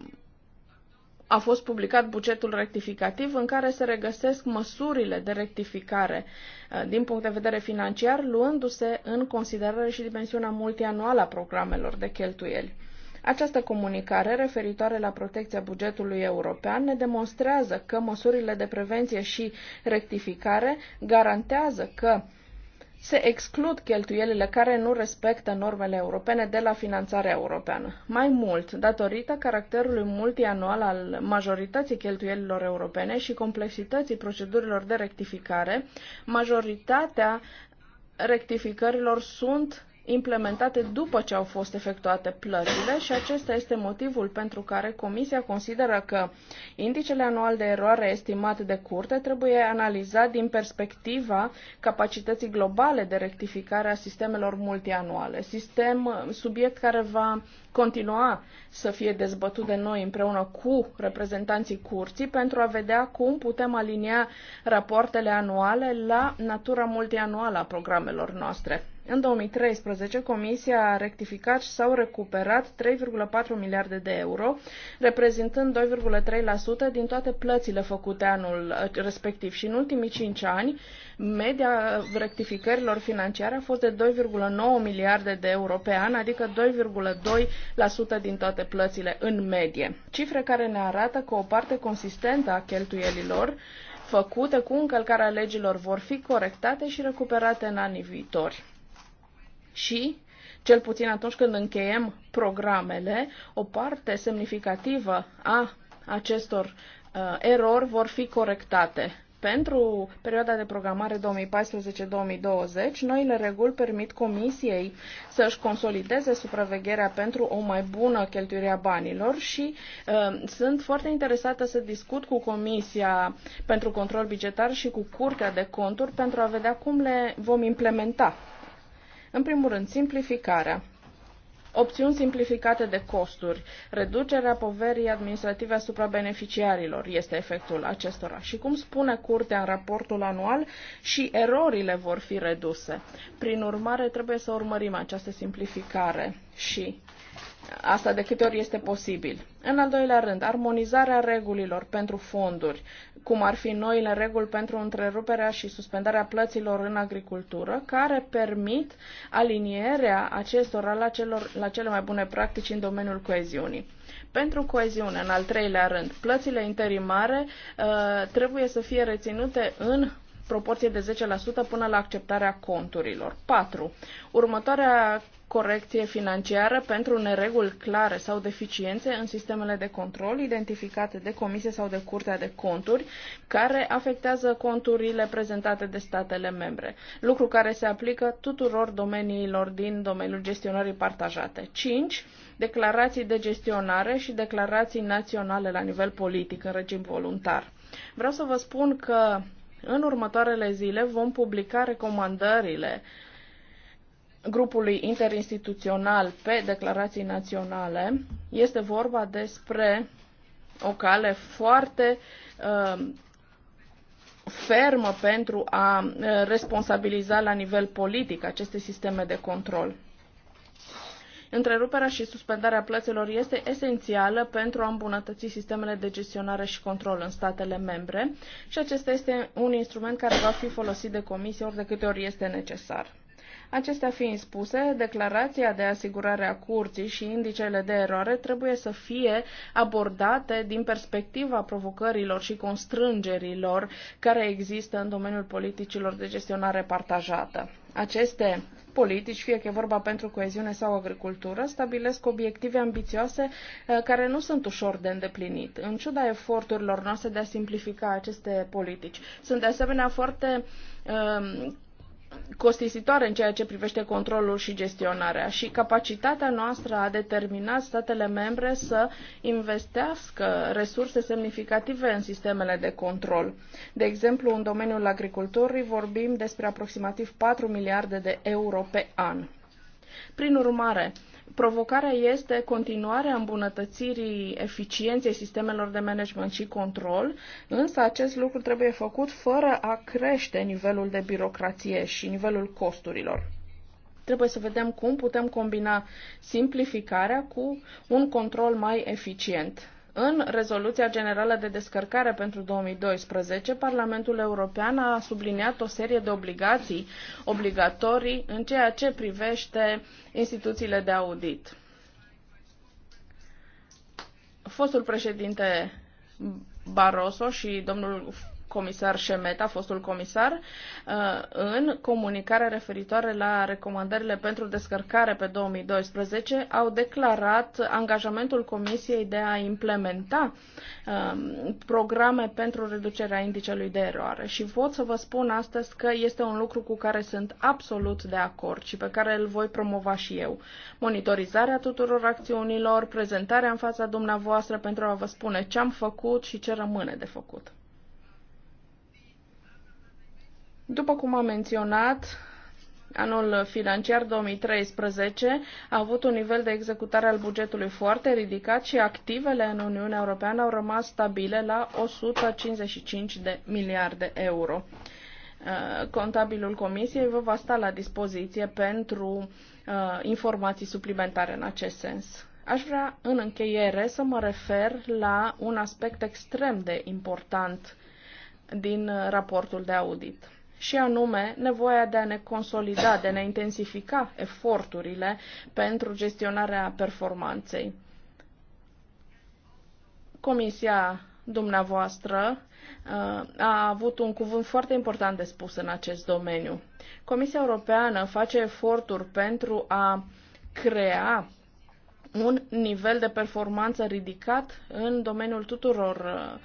a fost publicat bugetul rectificativ în care se regăsesc măsurile de rectificare uh, din punct de vedere financiar, luându-se în considerare și dimensiunea multianuală a programelor de cheltuieli. Această comunicare referitoare la protecția bugetului european ne demonstrează că măsurile de prevenție și rectificare garantează că uh, se exclud cheltuielile care nu respectă normele europene de la finanțarea europeană. Mai mult, datorită caracterului multianual al majorității cheltuielilor europene și complexității procedurilor de rectificare, majoritatea rectificărilor sunt implementate după ce au fost efectuate plățile și acesta este motivul pentru care Comisia consideră că indicele anual de eroare estimat de curte trebuie analizat din perspectiva capacității globale de rectificare a sistemelor multianuale, sistem, subiect care va continua să fie dezbătut de noi împreună cu reprezentanții curții pentru a vedea cum putem alinia rapoartele anuale la natura multianuală a programelor noastre. În 2013, Comisia a rectificat sau recuperat 3,4 miliarde de euro, reprezentând 2,3% din toate plățile făcute anul uh, respectiv. Și în ultimii 5 ani, media rectificărilor financiare a fost de 2,9 miliarde de euro pe an, adică 2,2% din toate plățile în medie. Cifre care ne arată că o parte consistentă a cheltuielilor făcute cu încălcarea legilor vor fi corectate și recuperate în anii viitori și cel puțin atunci când încheiem programele, o parte semnificativă a acestor uh, erori vor fi corectate. Pentru perioada de programare 2014-2020, noile reguli permit Comisiei să își consolideze supravegherea pentru o mai bună cheltuire a banilor și uh, sunt foarte interesată să discut cu Comisia pentru Control Bugetar și cu Curtea de Conturi pentru a vedea cum le vom implementa în primul rând, simplificarea opțiuni simplificate de costuri, reducerea poverii administrative asupra beneficiarilor este efectul acestora. Și cum spune Curtea în raportul anual, și erorile vor fi reduse. Prin urmare, trebuie să urmărim această simplificare și asta de câte ori este posibil. În al doilea rând, armonizarea regulilor pentru fonduri cum ar fi noile reguli pentru întreruperea și suspendarea plăților în agricultură, care permit alinierea acestora la, celor, la cele mai bune practici în domeniul coeziunii. Pentru coeziune, în al treilea rând, plățile interimare uh, trebuie să fie reținute în proporție de 10% până la acceptarea conturilor. 4. Următoarea corecție financiară pentru nereguli clare sau deficiențe în sistemele de control identificate de comisie sau de curtea de conturi, care afectează conturile prezentate de statele membre, lucru care se aplică tuturor domeniilor din domeniul gestionării partajate. 5. Declarații de gestionare și declarații naționale la nivel politic în regim voluntar. Vreau să vă spun că în următoarele zile vom publica recomandările grupului interinstituțional pe declarații naționale, este vorba despre o cale foarte uh, fermă pentru a uh, responsabiliza la nivel politic aceste sisteme de control. Întreruperea și suspendarea plăților este esențială pentru a îmbunătăți sistemele de gestionare și control în statele membre și acesta este un instrument care va fi folosit de comisie ori de câte ori este necesar. Acestea fiind spuse, declarația de asigurare a curții și indicele de eroare trebuie să fie abordate din perspectiva provocărilor și constrângerilor care există în domeniul politicilor de gestionare partajată. Aceste politici, fie că e vorba pentru coeziune sau agricultură, stabilesc obiective ambițioase uh, care nu sunt ușor de îndeplinit, în ciuda eforturilor noastre de a simplifica aceste politici. Sunt de asemenea foarte uh, costisitoare în ceea ce privește controlul și gestionarea și capacitatea noastră a determinat statele membre să investească resurse semnificative în sistemele de control. De exemplu, în domeniul agriculturii vorbim despre aproximativ 4 miliarde de euro pe an. Prin urmare, Provocarea este continuarea îmbunătățirii eficienței sistemelor de management și control, însă acest lucru trebuie făcut fără a crește nivelul de birocrație și nivelul costurilor. Trebuie să vedem cum putem combina simplificarea cu un control mai eficient. În rezoluția generală de descărcare pentru 2012, Parlamentul European a subliniat o serie de obligații obligatorii în ceea ce privește instituțiile de audit. Fostul președinte Barroso și domnul comisar Șemeta, fostul comisar, uh, în comunicare referitoare la recomandările pentru descărcare pe 2012, au declarat angajamentul Comisiei de a implementa um, programe pentru reducerea indicelui de eroare. Și pot să vă spun astăzi că este un lucru cu care sunt absolut de acord și pe care îl voi promova și eu. Monitorizarea tuturor acțiunilor, prezentarea în fața dumneavoastră pentru a vă spune ce am făcut și ce rămâne de făcut. După cum am menționat, anul financiar 2013 a avut un nivel de executare al bugetului foarte ridicat și activele în Uniunea Europeană au rămas stabile la 155 de miliarde euro. Uh, contabilul Comisiei vă va sta la dispoziție pentru uh, informații suplimentare în acest sens. Aș vrea în încheiere să mă refer la un aspect extrem de important din uh, raportul de audit și anume nevoia de a ne consolida, de a ne intensifica eforturile pentru gestionarea performanței. Comisia dumneavoastră uh, a avut un cuvânt foarte important de spus în acest domeniu. Comisia Europeană face eforturi pentru a crea un nivel de performanță ridicat în domeniul tuturor uh,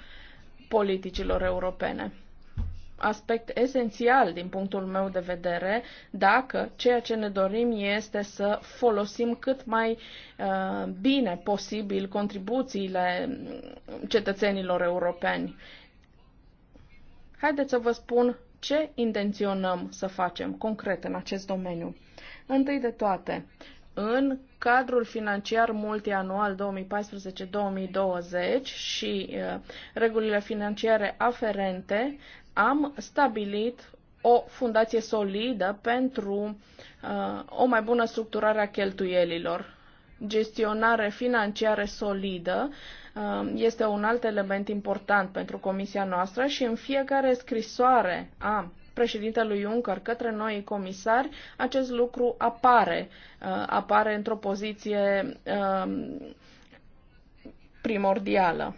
politicilor europene aspect esențial din punctul meu de vedere dacă ceea ce ne dorim este să folosim cât mai uh, bine posibil contribuțiile cetățenilor europeni. Haideți să vă spun ce intenționăm să facem concret în acest domeniu. Întâi de toate, în cadrul financiar multianual 2014-2020 și uh, regulile financiare aferente, am stabilit o fundație solidă pentru uh, o mai bună structurare a cheltuielilor. Gestionare financiară solidă uh, este un alt element important pentru comisia noastră și în fiecare scrisoare a președintelui Juncker către noi comisari, acest lucru apare, uh, apare într-o poziție uh, primordială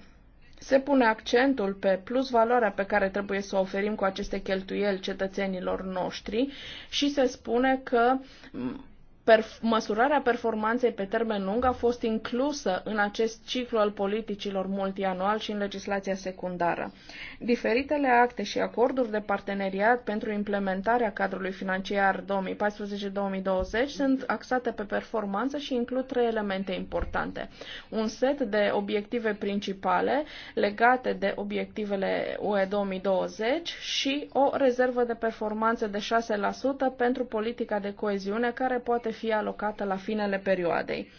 se pune accentul pe plus valoarea pe care trebuie să o oferim cu aceste cheltuieli cetățenilor noștri și se spune că perf- măsurarea performanței pe termen lung a fost inclusă în acest ciclu al politicilor multianual și în legislația secundară. Diferitele acte și acorduri de parteneriat pentru implementarea cadrului financiar 2014-2020 sunt axate pe performanță și includ trei elemente importante. Un set de obiective principale legate de obiectivele UE 2020 și o rezervă de performanță de 6% pentru politica de coeziune care poate poate fi alocată la finele perioadei.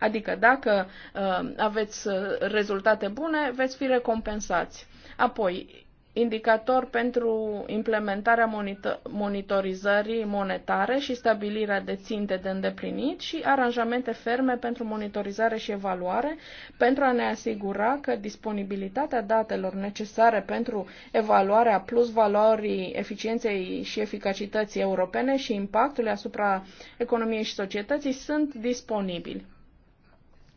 Adică dacă uh, aveți uh, rezultate bune, veți fi recompensați. Apoi, indicator pentru implementarea monitorizării monetare și stabilirea de ținte de îndeplinit și aranjamente ferme pentru monitorizare și evaluare pentru a ne asigura că disponibilitatea datelor necesare pentru evaluarea plus valorii eficienței și eficacității europene și impactului asupra economiei și societății sunt disponibili.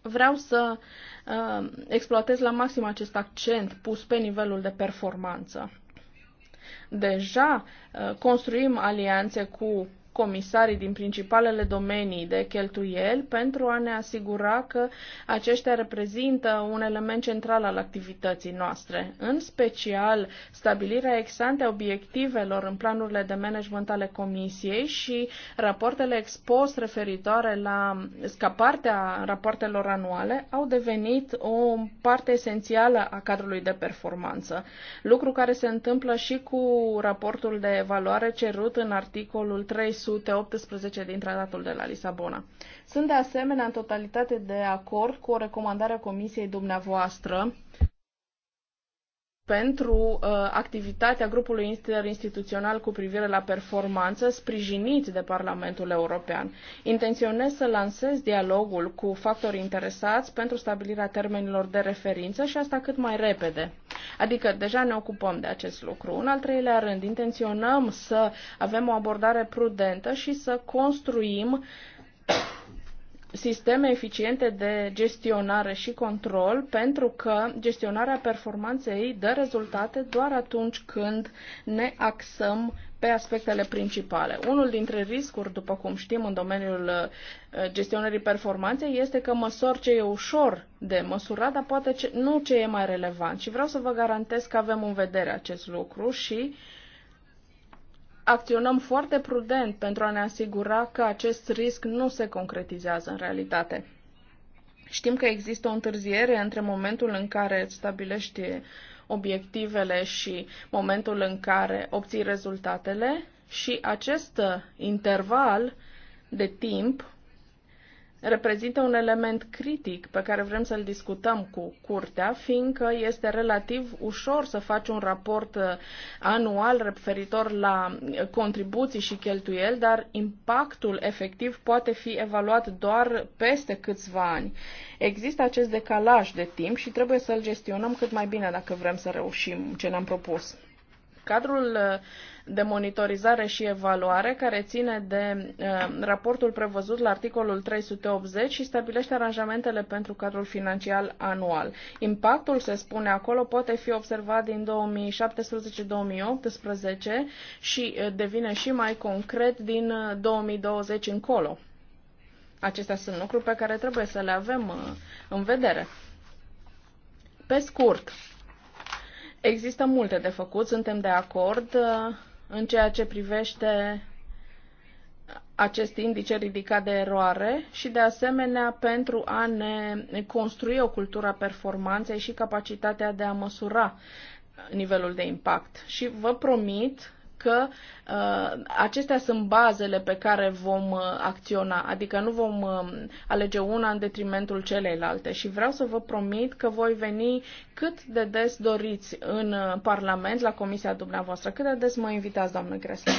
Vreau să uh, exploatez la maxim acest accent pus pe nivelul de performanță. Deja uh, construim alianțe cu comisarii din principalele domenii de cheltuieli pentru a ne asigura că aceștia reprezintă un element central al activității noastre. În special, stabilirea exante a obiectivelor în planurile de management ale comisiei și rapoartele expost referitoare la scapartea rapoartelor anuale au devenit o parte esențială a cadrului de performanță, lucru care se întâmplă și cu raportul de evaluare cerut în articolul 3. 1918 din Tratatul de la Lisabona. Sunt de asemenea în totalitate de acord cu o recomandare a Comisiei dumneavoastră pentru uh, activitatea grupului interinstituțional cu privire la performanță sprijinit de Parlamentul European. Intenționez să lansez dialogul cu factorii interesați pentru stabilirea termenilor de referință și asta cât mai repede. Adică deja ne ocupăm de acest lucru. În al treilea rând, intenționăm să avem o abordare prudentă și să construim sisteme eficiente de gestionare și control, pentru că gestionarea performanței dă rezultate doar atunci când ne axăm pe aspectele principale. Unul dintre riscuri, după cum știm, în domeniul uh, gestionării performanței este că măsor ce e ușor de măsurat, dar poate ce, nu ce e mai relevant. Și vreau să vă garantez că avem în vedere acest lucru și uh, acționăm foarte prudent pentru a ne asigura că acest risc nu se concretizează în realitate. Știm că există o întârziere între momentul în care îți stabilești obiectivele și momentul în care obții rezultatele și acest interval de timp reprezintă un element critic pe care vrem să-l discutăm cu curtea, fiindcă este relativ ușor să faci un raport uh, anual referitor la contribuții și cheltuieli, dar impactul efectiv poate fi evaluat doar peste câțiva ani. Există acest decalaj de timp și trebuie să-l gestionăm cât mai bine dacă vrem să reușim ce ne-am propus. Cadrul uh, de monitorizare și evaluare, care ține de uh, raportul prevăzut la articolul 380 și stabilește aranjamentele pentru cadrul financiar anual. Impactul, se spune acolo, poate fi observat din 2017-2018 și uh, devine și mai concret din 2020 încolo. Acestea sunt lucruri pe care trebuie să le avem în vedere. Pe scurt, Există multe de făcut, suntem de acord uh, în ceea ce privește acest indice ridicat de eroare și, de asemenea, pentru a ne construi o cultură a performanței și capacitatea de a măsura nivelul de impact. Și vă promit că uh, acestea sunt bazele pe care vom uh, acționa, adică nu vom uh, alege una în detrimentul celeilalte. Și vreau să vă promit că voi veni cât de des doriți în uh, Parlament, la comisia dumneavoastră, cât de des mă invitați, doamnă Gresler.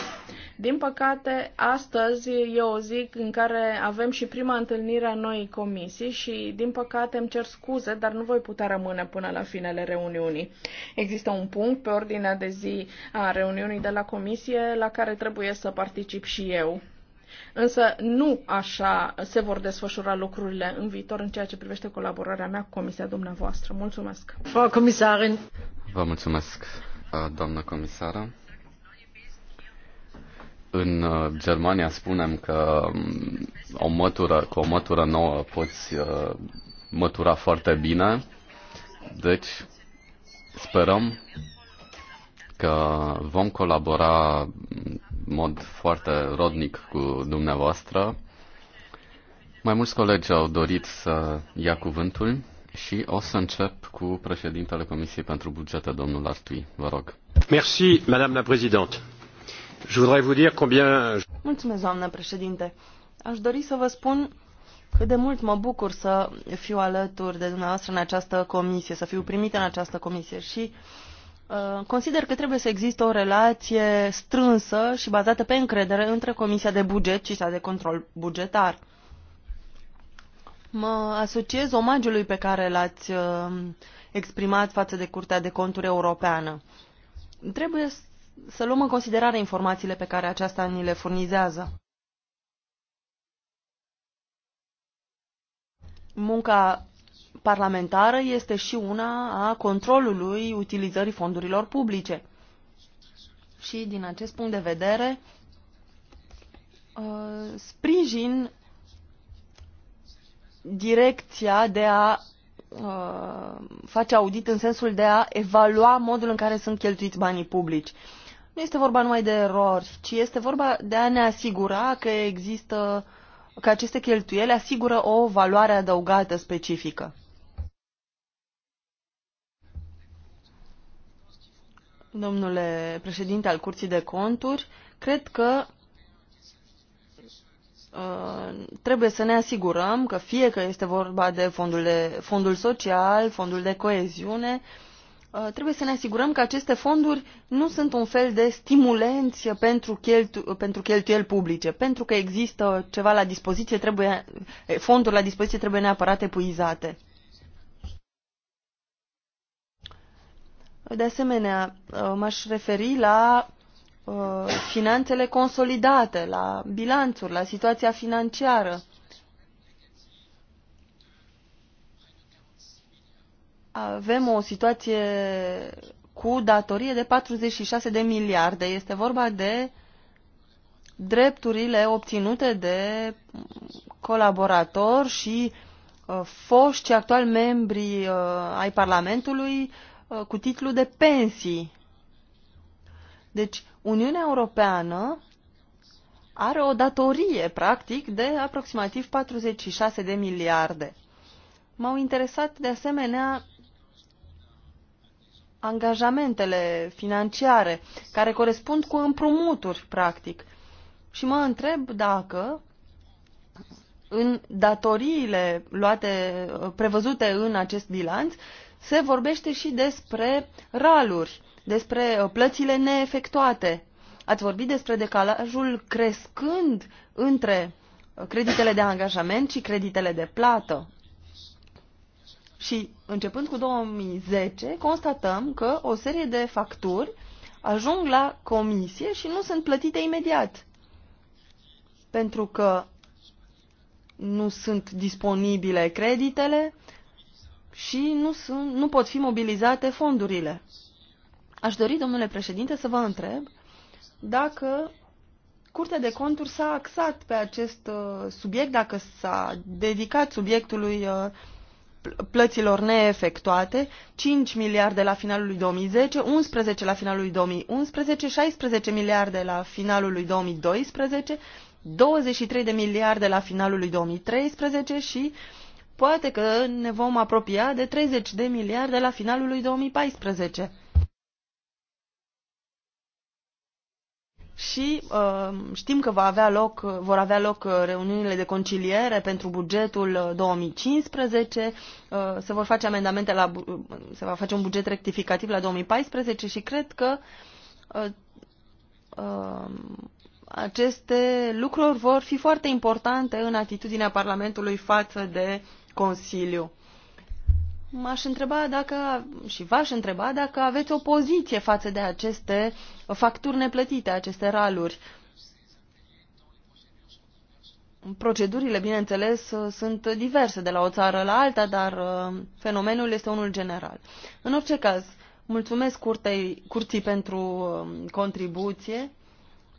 Din păcate, astăzi e o zi în care avem și prima întâlnire a noii comisii și, din păcate, îmi cer scuze, dar nu voi putea rămâne până la finele reuniunii. Există un punct pe ordinea de zi a reuniunii de la comisie la care trebuie să particip și eu. Însă nu așa se vor desfășura lucrurile în viitor în ceea ce privește colaborarea mea cu comisia dumneavoastră. Mulțumesc! Frau Comisarin! Vă mulțumesc, uh, doamnă comisară. În uh, Germania spunem că um, o mătură, cu o mătură nouă poți uh, mătura foarte bine. Deci, sperăm că vom colabora în mod foarte rodnic cu dumneavoastră. Mai mulți colegi au dorit să ia cuvântul și o să încep cu președintele Comisiei pentru Bugete, domnul Artui. Vă rog. Merci, madame la présidente. Je voudrais vous dire combien... Mulțumesc, doamnă președinte. Aș dori să vă spun cât de mult mă bucur să fiu alături de dumneavoastră în această comisie, să fiu primită în această comisie și uh, Uh, consider că trebuie să existe o relație strânsă și bazată pe încredere între Comisia de Buget și cea de control bugetar. Mă asociez omagiului pe care l-ați uh, exprimat față de Curtea de Conturi Europeană. Trebuie să luăm în considerare informațiile pe care aceasta ni le furnizează. Munca parlamentară este și una a controlului utilizării fondurilor publice. Și din acest punct de vedere, uh, sprijin direcția de a uh, face audit în sensul de a evalua modul în care sunt cheltuiți banii publici. Nu este vorba numai de erori, ci este vorba de a ne asigura că există, că aceste cheltuieli asigură o valoare adăugată specifică. domnule președinte al Curții de Conturi, cred că uh, trebuie să ne asigurăm că fie că este vorba de de, fondul social, fondul de coeziune, uh, trebuie să ne asigurăm că aceste fonduri nu sunt un fel de stimulenți pentru, cheltu- pentru cheltuieli publice. Pentru că există ceva la dispoziție, trebuie, fonduri la dispoziție trebuie neapărat epuizate. De asemenea, uh, m-aș referi la uh, finanțele consolidate, la bilanțuri, la situația financiară. Avem o situație cu datorie de 46 de miliarde. Este vorba de drepturile obținute de colaboratori și uh, foști actual membri uh, ai Parlamentului uh, Uh, cu titlu de pensii. Deci, Uniunea Europeană are o datorie, practic, de aproximativ 46 de miliarde. M-au interesat, de asemenea, angajamentele financiare, care corespund cu împrumuturi, practic. Și mă întreb dacă în datoriile luate, uh, prevăzute în acest bilanț, se vorbește și despre raluri, despre uh, plățile neefectuate. Ați vorbit despre decalajul crescând între uh, creditele de angajament și creditele de plată. Și începând cu 2010, constatăm că o serie de facturi ajung la comisie și nu sunt plătite imediat. Pentru că nu sunt disponibile creditele, și nu, sunt, nu pot fi mobilizate fondurile. Aș dori, domnule președinte, să vă întreb dacă Curtea de Conturi s-a axat pe acest uh, subiect, dacă s-a dedicat subiectului uh, plăților neefectuate, 5 miliarde la finalul lui 2010, 11 la finalul lui 2011, 16 miliarde la finalul lui 2012, 23 de miliarde la finalul lui 2013 și uh, poate că ne vom apropia de 30 de miliarde la finalul lui 2014. Și uh, știm că va avea loc, vor avea loc uh, reuniunile de conciliere pentru bugetul 2015, uh, uh, se vor face amendamente la, uh, se va face un buget rectificativ la 2014 și cred că uh, uh, aceste lucruri vor fi foarte importante în atitudinea Parlamentului față de Consiliu. M-aș întreba dacă, și v-aș întreba dacă aveți o poziție față de aceste facturi neplătite, aceste raluri. Procedurile, bineînțeles, sunt diverse de la o țară la alta, dar uh, fenomenul este unul general. În orice caz, mulțumesc curtei, curții pentru uh, contribuție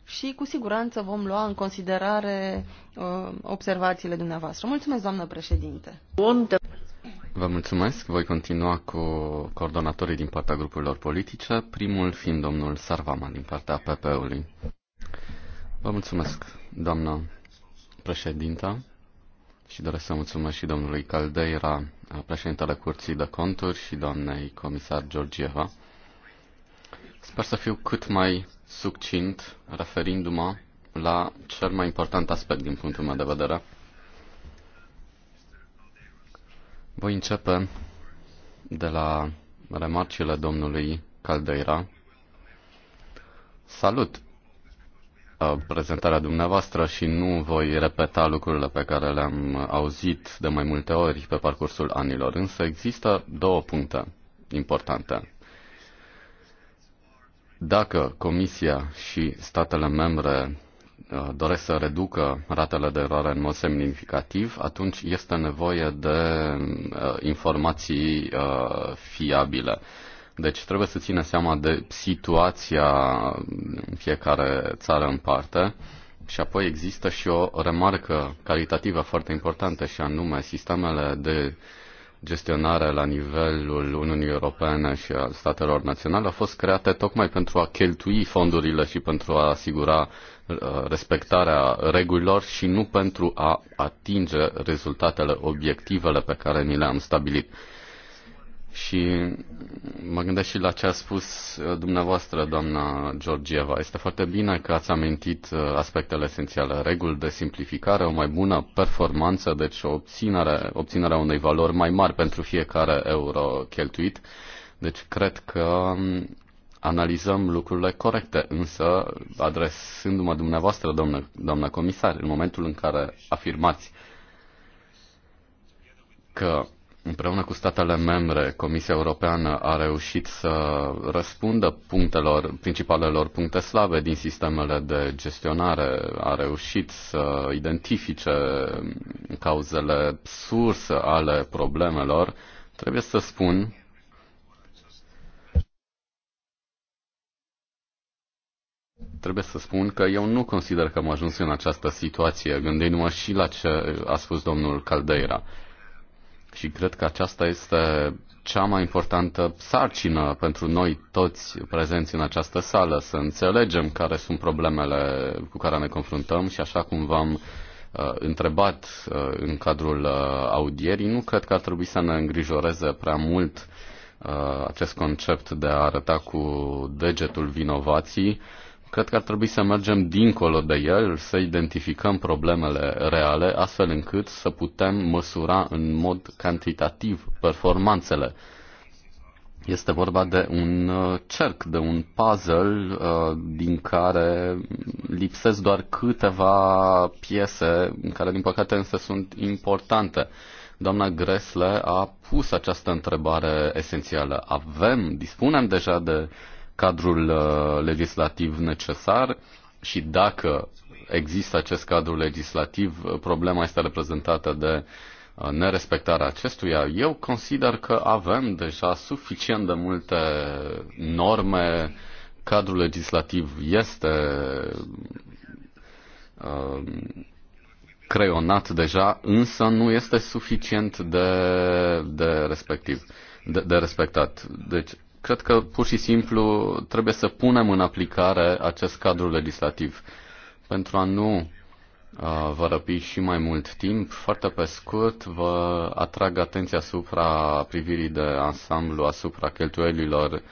și cu siguranță vom lua în considerare uh, observațiile dumneavoastră. Mulțumesc, doamnă președinte! Vă mulțumesc. Voi continua cu coordonatorii din partea grupurilor politice, primul fiind domnul Sarvama din partea PP-ului. Vă mulțumesc, doamnă președintă, și doresc să mulțumesc și domnului Caldeira, președintele Curții de Conturi, și doamnei comisar Georgieva. Sper să fiu cât mai succint referindu-mă la cel mai important aspect din punctul meu de vedere. Voi începe de la remarcile domnului Caldeira. Salut uh, prezentarea dumneavoastră și nu voi repeta lucrurile pe care le-am auzit de mai multe ori pe parcursul anilor, însă există două puncte importante. Dacă Comisia și statele membre uh, doresc să reducă ratele de eroare în mod semnificativ, atunci este nevoie de uh, informații uh, fiabile. Deci trebuie să țină seama de situația în fiecare țară în parte. Și apoi există și o remarcă calitativă foarte importantă și anume sistemele de gestionare la nivelul Uniunii Europene și al statelor naționale a fost create tocmai pentru a cheltui fondurile și pentru a asigura uh, respectarea regulilor și nu pentru a atinge rezultatele, obiectivele pe care ni le-am stabilit. Și mă gândesc și la ce a spus uh, dumneavoastră, doamna Georgieva. Este foarte bine că ați amintit uh, aspectele esențiale, reguli de simplificare, o mai bună performanță, deci o obținere, obținerea unei valori mai mari pentru fiecare euro cheltuit. Deci cred că um, analizăm lucrurile corecte, însă adresându-mă dumneavoastră, doamnă, doamnă comisar, în momentul în care afirmați că Împreună cu statele membre, Comisia Europeană a reușit să răspundă punctelor, principalelor puncte slabe din sistemele de gestionare, a reușit să identifice cauzele sursă ale problemelor. Trebuie să spun trebuie să spun că eu nu consider că am ajuns în această situație, gândindu-mă și la ce a spus domnul Caldeira. Și cred că aceasta este cea mai importantă sarcină pentru noi toți prezenți în această sală, să înțelegem care sunt problemele cu care ne confruntăm și așa cum v-am uh, întrebat uh, în cadrul uh, audierii, nu cred că ar trebui să ne îngrijoreze prea mult acest concept de a arăta cu degetul vinovații Cred că ar trebui să mergem dincolo de el, să identificăm problemele reale, astfel încât să putem măsura în mod cantitativ performanțele. Este vorba de un uh, cerc, de un puzzle uh, din care lipsesc doar câteva piese, care din păcate însă sunt importante. Doamna Gresle a pus această întrebare esențială. Avem, dispunem deja de uh, cadrul uh, legislativ necesar și dacă există acest cadru legislativ, uh, problema este reprezentată de uh, nerespectarea acestuia. Eu consider că avem deja suficient de multe norme, cadrul legislativ este creionat deja, însă nu este suficient de, de respectiv, de, de respectat. Deci Cred că pur și simplu trebuie să punem în aplicare acest cadru legislativ. Pentru a nu vă răpi și mai mult timp. Foarte pe scurt, vă atrag atenția asupra privirii de ansamblu, asupra cheltuielilor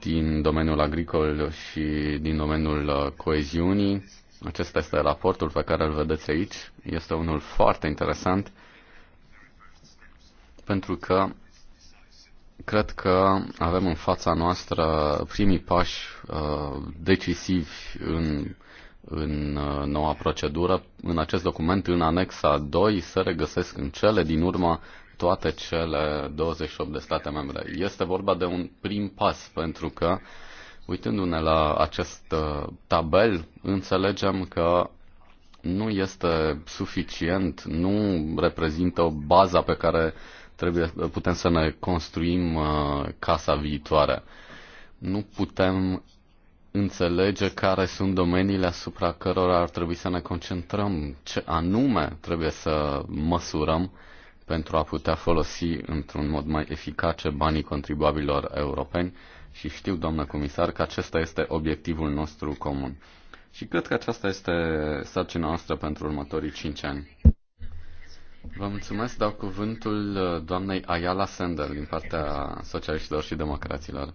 din domeniul agricol și din domeniul coeziunii. Acesta este raportul pe care îl vedeți aici. Este unul foarte interesant pentru că Cred că avem în fața noastră primii pași uh, decisivi în, în uh, noua procedură. În acest document, în anexa 2, se regăsesc în cele din urmă toate cele 28 de state membre. Este vorba de un prim pas, pentru că, uitându-ne la acest uh, tabel, înțelegem că nu este suficient, nu reprezintă baza pe care uh, trebuie, putem să ne construim uh, casa viitoare. Nu putem înțelege care sunt domeniile asupra cărora ar trebui să ne concentrăm, ce anume trebuie să măsurăm pentru a putea folosi într-un mod mai eficace banii contribuabilor europeni și știu, doamnă comisar, că acesta este obiectivul nostru comun. Și cred că aceasta este sarcina noastră pentru următorii 5 ani. Vă mulțumesc, dau cuvântul uh, doamnei Ayala Sender din partea socialiștilor și democraților.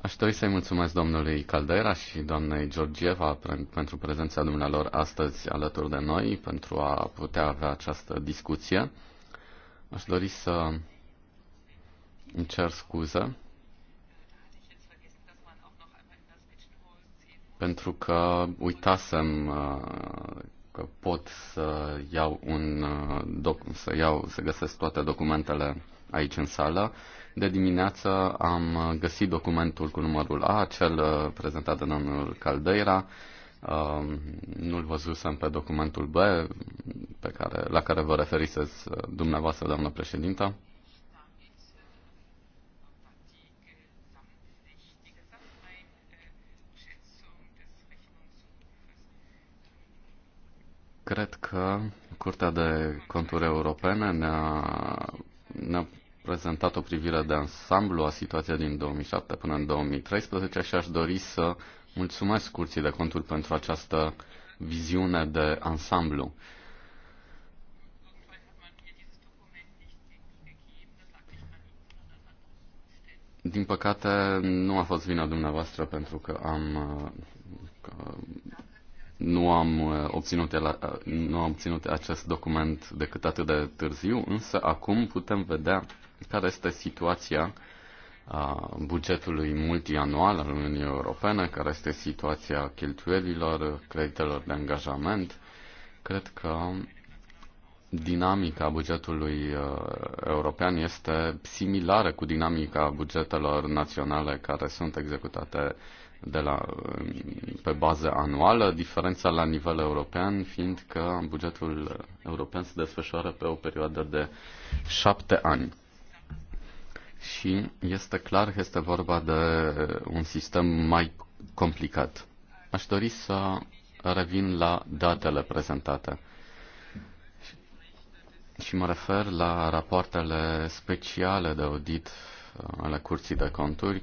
Aș dori să-i mulțumesc domnului Caldera și doamnei Georgieva pentru prezența dumnealor astăzi alături de noi, pentru a putea avea această discuție. Aș dori să îmi cer scuze pentru că uitasem uh, că pot să iau un uh, doc- să iau, să găsesc toate documentele aici în sală. De dimineață am uh, găsit documentul cu numărul A, cel prezentat de domnul Caldeira. Um, nu-l văzusem pe documentul B, pe care, la care vă referiseți dumneavoastră, doamnă președintă. Cred că Curtea de Conturi Europene ne-a, ne-a prezentat o privire de ansamblu a situației din 2007 până în 2013 și aș dori să mulțumesc Curții de Conturi pentru această viziune de ansamblu. Din păcate, nu a fost vina dumneavoastră pentru că am că nu am, uh, obținut, uh, nu am obținut acest document decât atât de târziu, însă acum putem vedea care este situația a uh, bugetului multianual al Uniunii Europene, care este situația cheltuielilor, creditelor de angajament. Cred că dinamica bugetului european este similară cu dinamica bugetelor naționale care sunt executate uh, de la, pe bază anuală, diferența la nivel european fiind că bugetul european se desfășoară pe o perioadă de șapte ani. Și este clar că este vorba de un sistem mai complicat. Aș dori să revin la datele prezentate și mă refer la rapoartele speciale de audit uh, ale Curții de Conturi,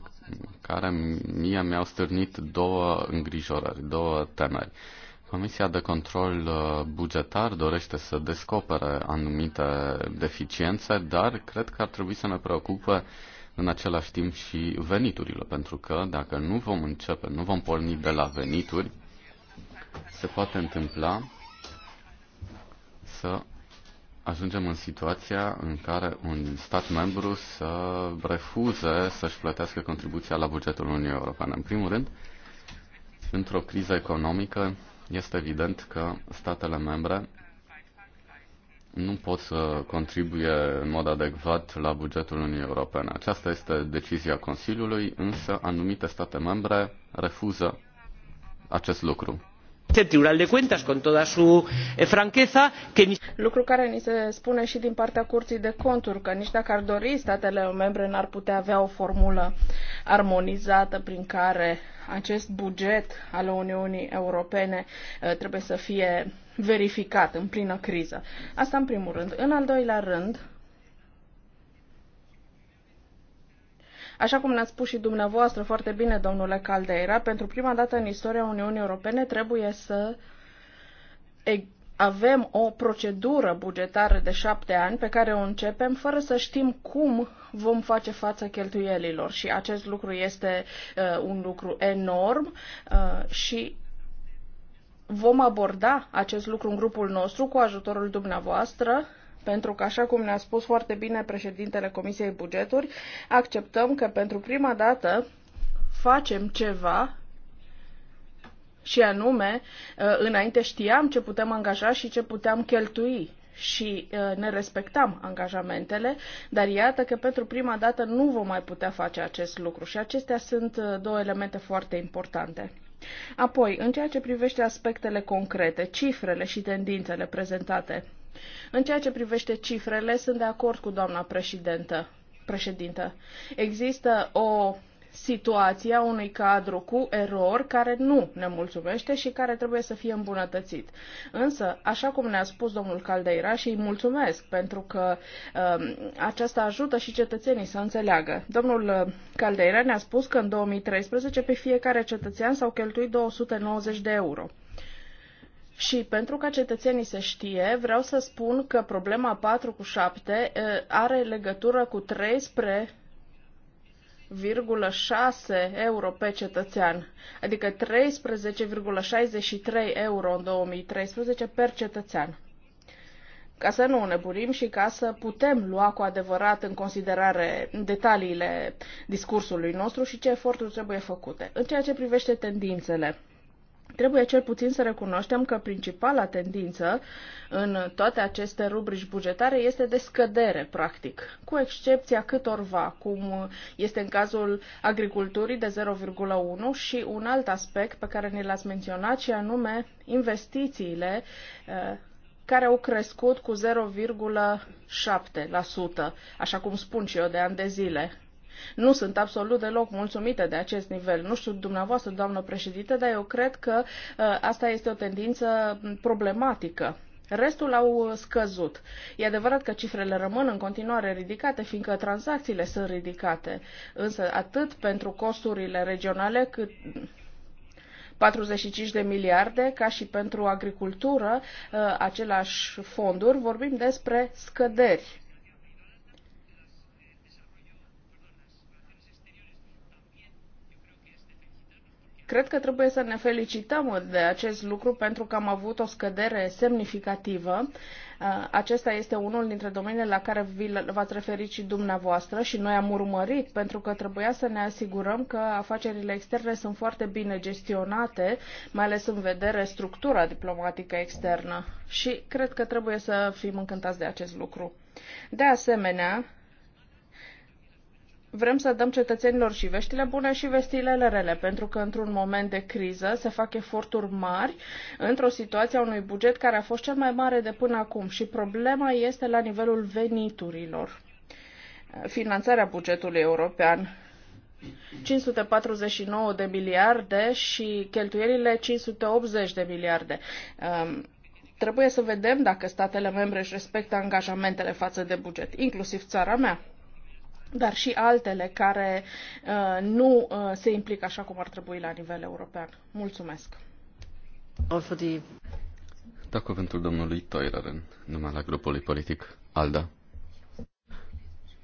care mie mi-au stârnit două îngrijorări, două temeri. Comisia de control uh, bugetar dorește să descopere anumite deficiențe, dar cred că ar trebui să ne preocupe în același timp și veniturile, pentru că dacă nu vom începe, nu vom porni de la venituri, se poate întâmpla să ajungem în situația în care un stat membru să refuze să-și plătească contribuția la bugetul Uniunii Europene. În primul rând, într-o criză economică, este evident că statele membre nu pot să contribuie în mod adecvat la bugetul Uniunii Europene. Aceasta este decizia Consiliului, însă anumite state membre refuză acest lucru el Tribunal de Cuentas con toda su eh, franqueza que Lucru care ni se spune și din partea Curții de Conturi că nici dacă ar dori statele membre n-ar putea avea o formulă armonizată prin care acest buget al Uniunii Europene eh, trebuie să fie verificat în plină criză. Asta în primul rând. În al doilea rând, Așa cum ne-ați spus și dumneavoastră foarte bine, domnule Caldeira, pentru prima dată în istoria Uniunii Europene trebuie să avem o procedură bugetară de șapte ani pe care o începem fără să știm cum vom face față cheltuielilor și acest lucru este uh, un lucru enorm uh, și vom aborda acest lucru în grupul nostru cu ajutorul dumneavoastră pentru că, așa cum ne-a spus foarte bine președintele Comisiei Bugeturi, acceptăm că pentru prima dată facem ceva și anume, uh, înainte știam ce putem angaja și ce puteam cheltui și uh, ne respectam angajamentele, dar iată că pentru prima dată nu vom mai putea face acest lucru și acestea sunt uh, două elemente foarte importante. Apoi, în ceea ce privește aspectele concrete, cifrele și tendințele prezentate în ceea ce privește cifrele, sunt de acord cu doamna președintă. președintă. Există o situația unui cadru cu erori care nu ne mulțumește și care trebuie să fie îmbunătățit. Însă, așa cum ne-a spus domnul Caldeira și îi mulțumesc pentru că um, aceasta ajută și cetățenii să înțeleagă. Domnul uh, Caldeira ne-a spus că în 2013 pe fiecare cetățean s-au cheltuit 290 de euro. Și pentru ca cetățenii să știe, vreau să spun că problema 4 cu 7 are legătură cu 13 6 euro pe cetățean, adică 13,63 euro în 2013 per cetățean. Ca să nu ne burim și ca să putem lua cu adevărat în considerare detaliile discursului nostru și ce eforturi trebuie făcute. În ceea ce privește tendințele, Trebuie cel puțin să recunoaștem că principala tendință în toate aceste rubrici bugetare este de scădere, practic, cu excepția câtorva, cum este în cazul agriculturii de 0,1 și un alt aspect pe care ni l-ați menționat și anume investițiile eh, care au crescut cu 0,7%, așa cum spun și eu de ani de zile. Nu sunt absolut deloc mulțumită de acest nivel. Nu știu dumneavoastră, doamnă președinte, dar eu cred că uh, asta este o tendință problematică. Restul au scăzut. E adevărat că cifrele rămân în continuare ridicate, fiindcă tranzacțiile sunt ridicate, însă atât pentru costurile regionale cât 45 de miliarde, ca și pentru agricultură, uh, același fonduri, vorbim despre scăderi Cred că trebuie să ne felicităm de acest lucru pentru că am avut o scădere semnificativă. Uh, acesta este unul dintre domeniile la care v-ați referit și dumneavoastră și noi am urmărit pentru că trebuia să ne asigurăm că afacerile externe sunt foarte bine gestionate, mai ales în vedere structura diplomatică externă. Și cred că trebuie să fim încântați de acest lucru. De asemenea, vrem să dăm cetățenilor și veștile bune și vestilele rele, pentru că într-un moment de criză se fac eforturi mari într-o situație a unui buget care a fost cel mai mare de până acum și problema este la nivelul veniturilor. Finanțarea bugetului european 549 de miliarde și cheltuielile 580 de miliarde. Um, trebuie să vedem dacă statele membre își respectă angajamentele față de buget, inclusiv țara mea dar și altele care uh, nu uh, se implică așa cum ar trebui la nivel european. Mulțumesc! Da cuvântul domnului Toiraren, numai la grupului politic ALDA.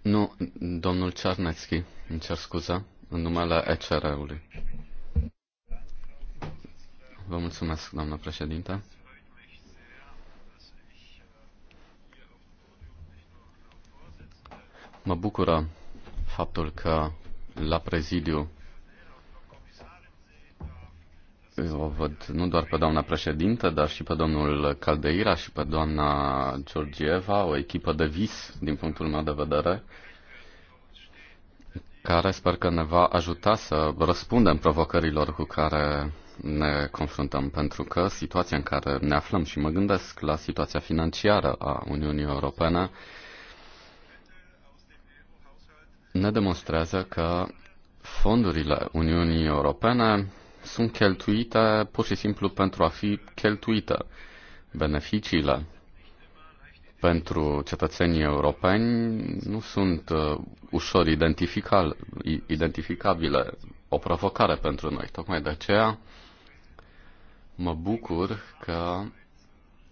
Nu, domnul Cernetski, îmi cer scuza, în numele ECR-ului. Vă mulțumesc, doamnă președinte. Mă bucură faptul că la prezidiu o văd nu doar pe doamna președinte, dar și pe domnul Caldeira și pe doamna Georgieva, o echipă de vis, din punctul meu de vedere, care sper că ne va ajuta să răspundem provocărilor cu care ne confruntăm, pentru că situația în care ne aflăm și mă gândesc la situația financiară a Uniunii Europene, ne demonstrează că fondurile Uniunii Europene sunt cheltuite pur și simplu pentru a fi cheltuite. Beneficiile pentru cetățenii europeni nu sunt uh, ușor identificabile, o provocare pentru noi. Tocmai de aceea mă bucur că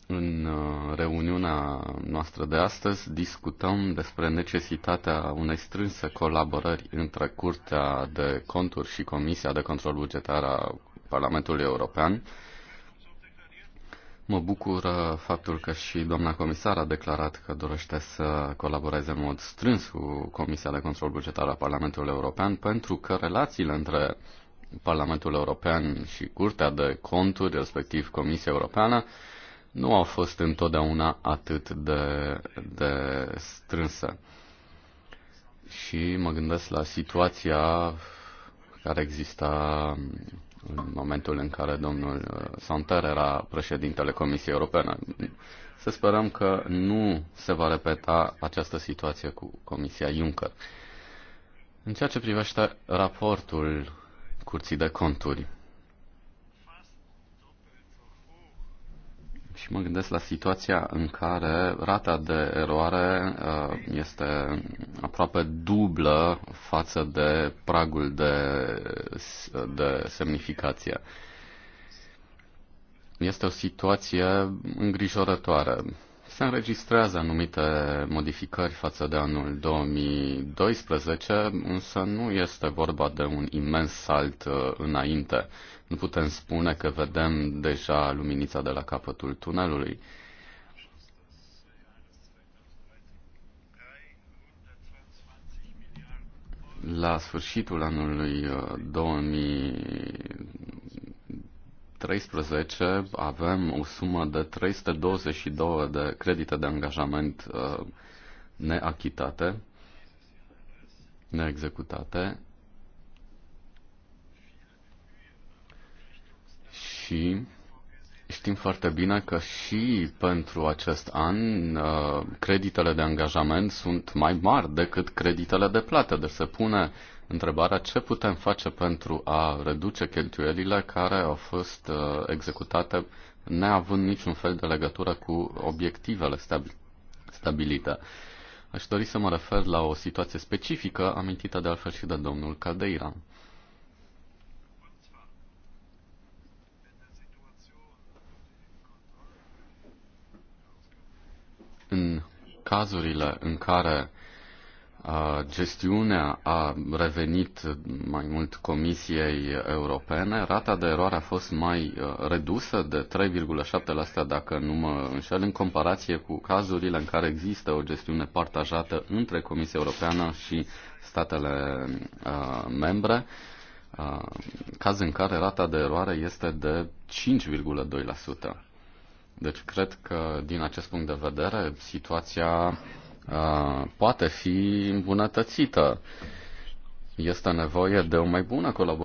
în uh, reuniunea noastră de astăzi discutăm despre necesitatea unei strânse colaborări între Curtea de Conturi și Comisia de Control Bugetar a Parlamentului European. Mă bucur uh, faptul că și doamna comisar a declarat că dorește să colaboreze în mod strâns cu Comisia de Control Bugetar a Parlamentului European pentru că relațiile între Parlamentul European și Curtea de Conturi, respectiv Comisia Europeană, nu au fost întotdeauna atât de, de strânsă. Și mă gândesc la situația care exista în momentul în care domnul uh, Santer era președintele Comisiei Europene. Să sperăm că nu se va repeta această situație cu Comisia Juncker. În ceea ce privește raportul Curții de Conturi, Și mă gândesc la situația în care rata de eroare uh, este aproape dublă față de pragul de, de semnificație. Este o situație îngrijorătoare. Se înregistrează anumite modificări față de anul 2012, însă nu este vorba de un imens salt uh, înainte. Nu putem spune că vedem deja luminița de la capătul tunelului. La sfârșitul anului 2000, uh, 2013 avem o sumă de 322 de credite de angajament uh, neachitate, neexecutate și Știm foarte bine că și pentru acest an uh, creditele de angajament sunt mai mari decât creditele de plată, deci se pune întrebarea ce putem face pentru a reduce cheltuielile care au fost uh, executate neavând niciun fel de legătură cu obiectivele stabilite. Aș dori să mă refer la o situație specifică amintită de altfel și de domnul Caldeira. În cazurile în care gestiunea a revenit mai mult Comisiei Europene. Rata de eroare a fost mai uh, redusă de 3,7% dacă nu mă înșel, în comparație cu cazurile în care există o gestiune partajată între Comisia Europeană și statele uh, membre, uh, caz în care rata de eroare este de 5,2%. Deci cred că din acest punct de vedere situația Ah, poate fi îmbunătățită. Este nevoie de o mai bună colaborare.